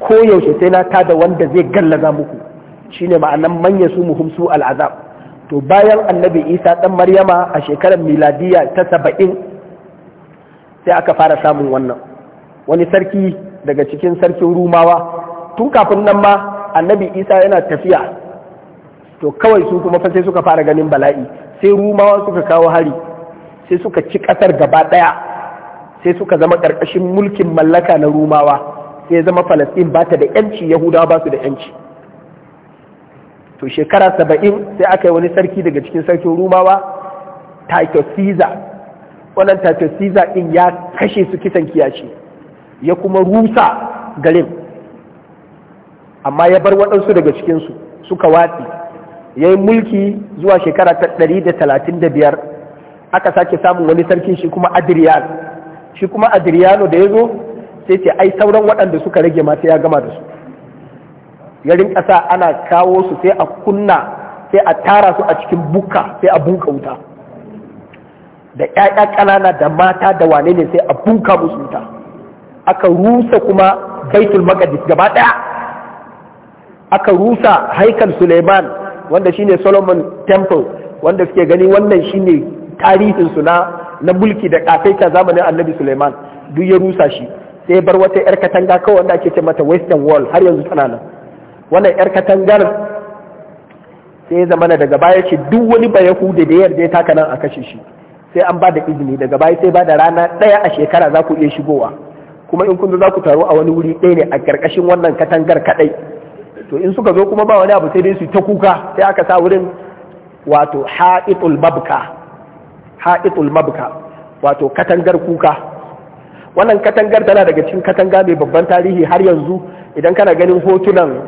ko yaushe sai na da wanda zai gallaza muku shine ma'anar manya su muhum su al'azab to bayan annabi Isa ɗan Maryama a shekarar miladiya ta saba'in sai aka fara samun wannan wani sarki daga cikin sarkin rumawa tun kafin nan ma annabi isa yana tafiya to kawai su kuma fa sai suka fara ganin bala'i sai rumawa suka kawo hari sai suka ci kasar gaba ɗaya sai suka zama ƙarƙashin mulkin mallaka na rumawa sai zama falastin ba ta da yanci yahudawa ba su da yanci to shekara saba'in sai aka yi wani sarki daga cikin sarkin rumawa Titus Caesar wannan tafesiza ɗin ya kashe su kisan kiyashi ya kuma rusa garin amma ya bar waɗansu daga cikinsu suka watsi ya yi mulki zuwa shekara ta ɗari da talatin da biyar aka sake samun wani sarki shi kuma adiriyar. shi kuma adriyano da ya zo sai ce ai sauran waɗanda suka rage mata ya gama da su yarin ƙasa ana kawo su sai a kunna sai a tara su a cikin buka sai a buka wuta da ƴaƴa ƙanana da mata da wane ne sai a buka musu wuta aka rusa kuma baitul maqdis gaba ɗaya aka rusa haikal suleiman wanda shine solomon temple wanda suke gani wannan shine tarihin su na mulki da kafaita zamanin annabi suleiman duk ya rusa shi sai bar wata yar katanga kawai wanda ake ce mata western wall har yanzu tana nan wannan yar katangar sai ya zama daga baya ce duk wani bayahu da yarda ya taka nan a kashe shi sai an ba da izini daga baya sai ba da rana ɗaya a shekara za ku iya shigowa kuma in kun za ku taru a wani wuri ɗaya ne a ƙarƙashin wannan katangar kaɗai to in suka zo kuma ba wani abu sai dai su ta kuka sai aka sa wurin wato ha'itul mabka ha'itul mabka wato katangar kuka wannan katangar tana daga cikin katanga mai babban tarihi har yanzu idan kana ganin hotunan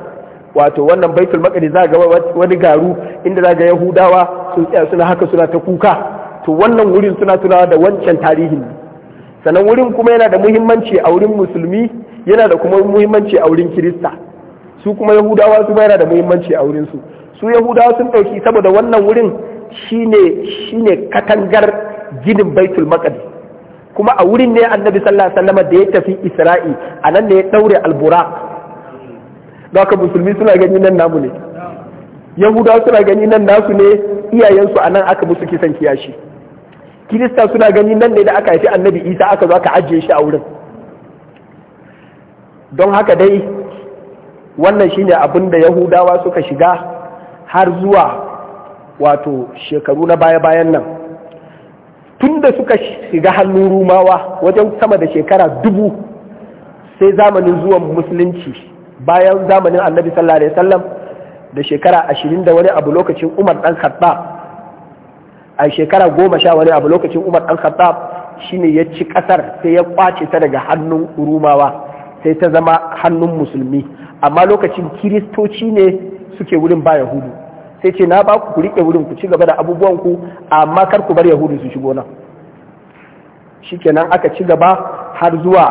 wato wannan baitul maqdis za ga wani garu inda za ga yahudawa sun tsaya suna haka suna ta kuka to wannan wurin suna tuna da wancan tarihin sannan wurin kuma yana da muhimmanci a wurin musulmi yana da kuma muhimmanci a wurin kirista su kuma yahudawa su yana da muhimmanci a wurin su su yahudawa sun ɗauki saboda wannan wurin shine shine katangar ginin baitul maqdis kuma a wurin ne annabi sallallahu alaihi wasallam da ya tafi isra'i a nan ne ya daure alburaq Da musulmi suna gani nan namu ne yahudawa suna gani nan nasu ne iyayensu a nan aka musu kisan kiyashi kirista suna gani nan ne da aka haifi annabi isa aka zo aka ajiye shi a wurin don haka dai wannan shine abin da yahudawa suka shiga har zuwa wato shekaru na baya-bayan nan tun da suka shiga hannun rumawa wajen sama da shekara dubu sai zamanin zuwan musulunci bayan zamanin annabi sallallahu alaihi wasallam da shekara ashirin da wani abu lokacin umar dan khattab a shekara goma sha wani abu lokacin umar dan khattab shine ya ci kasar sai ya kwace ta daga hannun rumawa sai ta zama hannun musulmi amma lokacin kiristoci ne suke wurin ba yahudu sai ce na ba ku ku rike wurin ku ci gaba da abubuwan ku amma kar ku bar yahudu su shigo nan shikenan aka ci gaba har zuwa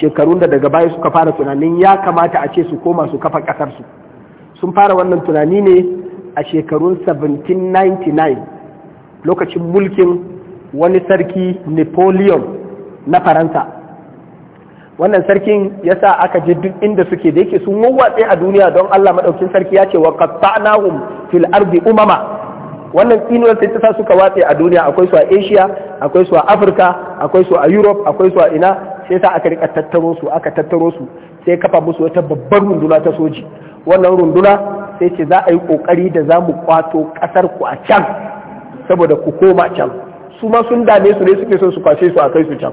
shekarun da daga baya suka fara tunanin ya kamata a ce su koma su kafa kasar su sun fara wannan tunani ne a shekarun 1799 lokacin mulkin wani sarki napoleon na faransa wannan sarkin ya sa aka je duk inda suke da yake sun wawwatse a duniya don allah maɗaukin sarki ya ce wa qatta'nahum fil ardi umama wannan tsinuwar ta sa suka watse a duniya akwai su a asia akwai su a afirka akwai su a europe akwai su a ina sai sa aka rika tattaro su aka tattaro su sai kafa musu wata babbar runduna ta soji wannan runduna sai ce za a yi ƙoƙari da za mu kwato ƙasar ku a can saboda ku koma can su ma sun dame su ne suke son su kwashe su a kai su can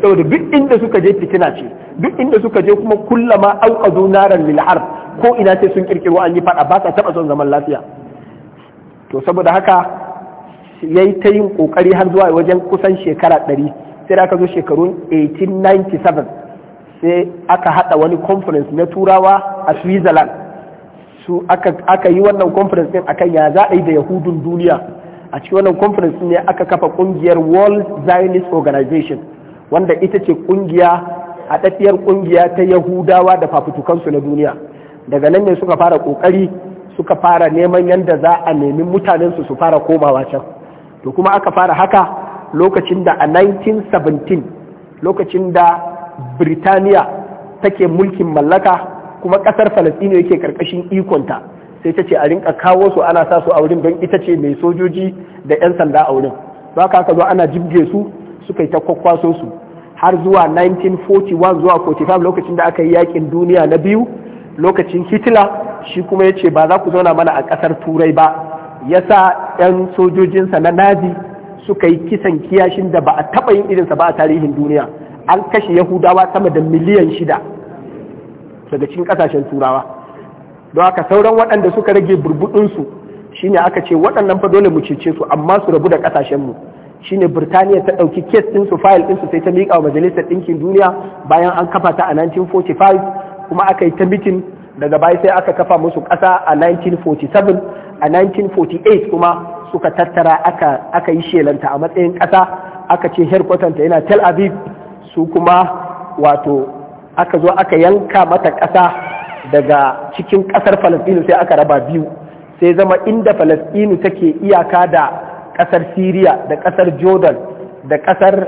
saboda duk inda suka je fitina ce duk inda suka je kuma kullama auqadu naran lil ko ina ce sun kirkiro an yi fada ba sa taba son zaman lafiya to saboda haka yayi ta yin kokari har zuwa wajen kusan shekara 100 sai aka zo shekarun 1897 sai aka hada wani conference na turawa a Switzerland su aka yi wannan conference din akan ya za a yi da yahudun duniya a cikin wannan conference ne aka kafa kungiyar world zionist organization wanda ita ce kungiya a tafiyar kungiya ta yahudawa da fafutukansu na duniya daga nan ne suka fara kokari suka fara neman yadda za a nemi mutanensu su fara komawa can to kuma aka fara haka lokacin da a 1917 lokacin da birtaniya take mulkin mallaka kuma kasar falastino yake karkashin ikonta sai ta ce a rinka kawo su ana sa su a wurin don ita ce mai sojoji da 'yan sanda a wurin ba ka zo ana jibge su suka yi ta kwakwaso su har zuwa 1941 zuwa 45 lokacin da aka yi yakin duniya na biyu lokacin hitler shi kuma ya ce ba za ku zauna mana a ƙasar turai ba ya sa 'yan sojojinsa na nazi suka yi kisan kiyashin da ba a taɓa yin irinsa ba a tarihin duniya an kashe yahudawa sama da miliyan shida daga cikin ƙasashen turawa don haka sauran waɗanda suka rage shi shine aka ce waɗannan fa dole mu cece su amma su rabu da ƙasashenmu shine birtaniya ta ɗauki kes ɗinsu fayil ɗinsu sai ta miƙa wa majalisar ɗinkin duniya bayan an kafa ta a 1945 kuma aka yi ta mitin daga baya sai aka kafa musu ƙasa a 1947 a 1948 kuma suka tattara aka, yi shelanta a matsayin ƙasa aka ce herkwatanta yana tel aviv su kuma wato aka zo aka yanka mata ƙasa daga cikin ƙasar Falasɗinu sai aka raba biyu sai zama inda falastinu take iyaka da ƙasar Siriya da ƙasar jordan da ƙasar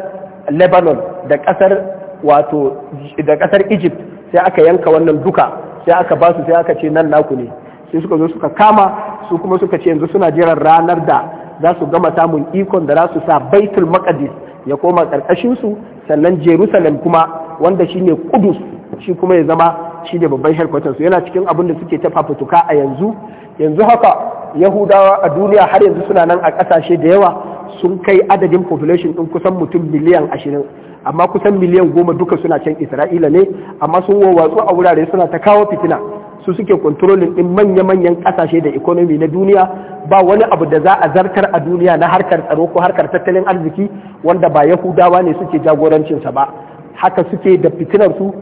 lebanon da ƙasar wato da ƙasar egypt sai aka yanka wannan duka sai aka basu sai aka ce nan naku ne sai suka zo suka kama su kuma suka ce yanzu suna jiran ranar da za su gama samun ikon da za su sa baitul maqdis ya koma ƙarƙashinsu su sannan Jerusalem kuma wanda shine Kudus shi kuma ya zama shi ne babban headquarters yana cikin abin da suke ta fituka a yanzu yanzu haka Yahudawa a duniya har yanzu suna nan a ƙasashe da yawa sun kai adadin population din kusan mutum miliyan ashirin amma kusan miliyan goma duka suna can isra'ila ne amma sun wawatsu a wurare suna ta kawo fitina su suke kontrolin din manya-manyan kasashe da economy na duniya ba wani abu da za a zartar a duniya na harkar tsaro ko harkar tattalin arziki wanda ba yahudawa ne suke jagorancinsa ba haka suke da fitinar su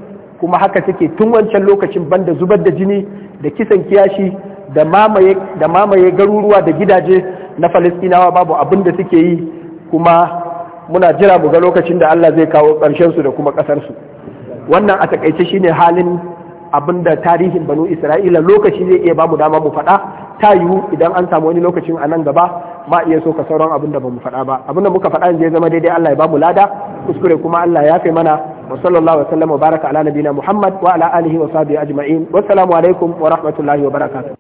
kuma haka suke tun wancan lokacin banda zubar da jini da kisan kiyashi da mamaye garuruwa da gidaje na falastinawa babu abin da suke yi kuma muna jira mu ga lokacin da Allah zai kawo ƙarshen su da kuma ƙasar su wannan a takaice shine halin abin da tarihin banu Isra'ila lokaci zai iya bamu dama mu faɗa ta yiwu idan an samu wani lokacin a nan gaba ma iya so ka sauran abin da bamu faɗa ba abin da muka faɗa zai zama daidai Allah ya bamu lada kuskure kuma Allah ya fi mana wa sallallahu wa sallam baraka ala nabina Muhammad wa ala alihi wa sahbihi ajma'in wassalamu alaikum wa rahmatullahi wa barakatuh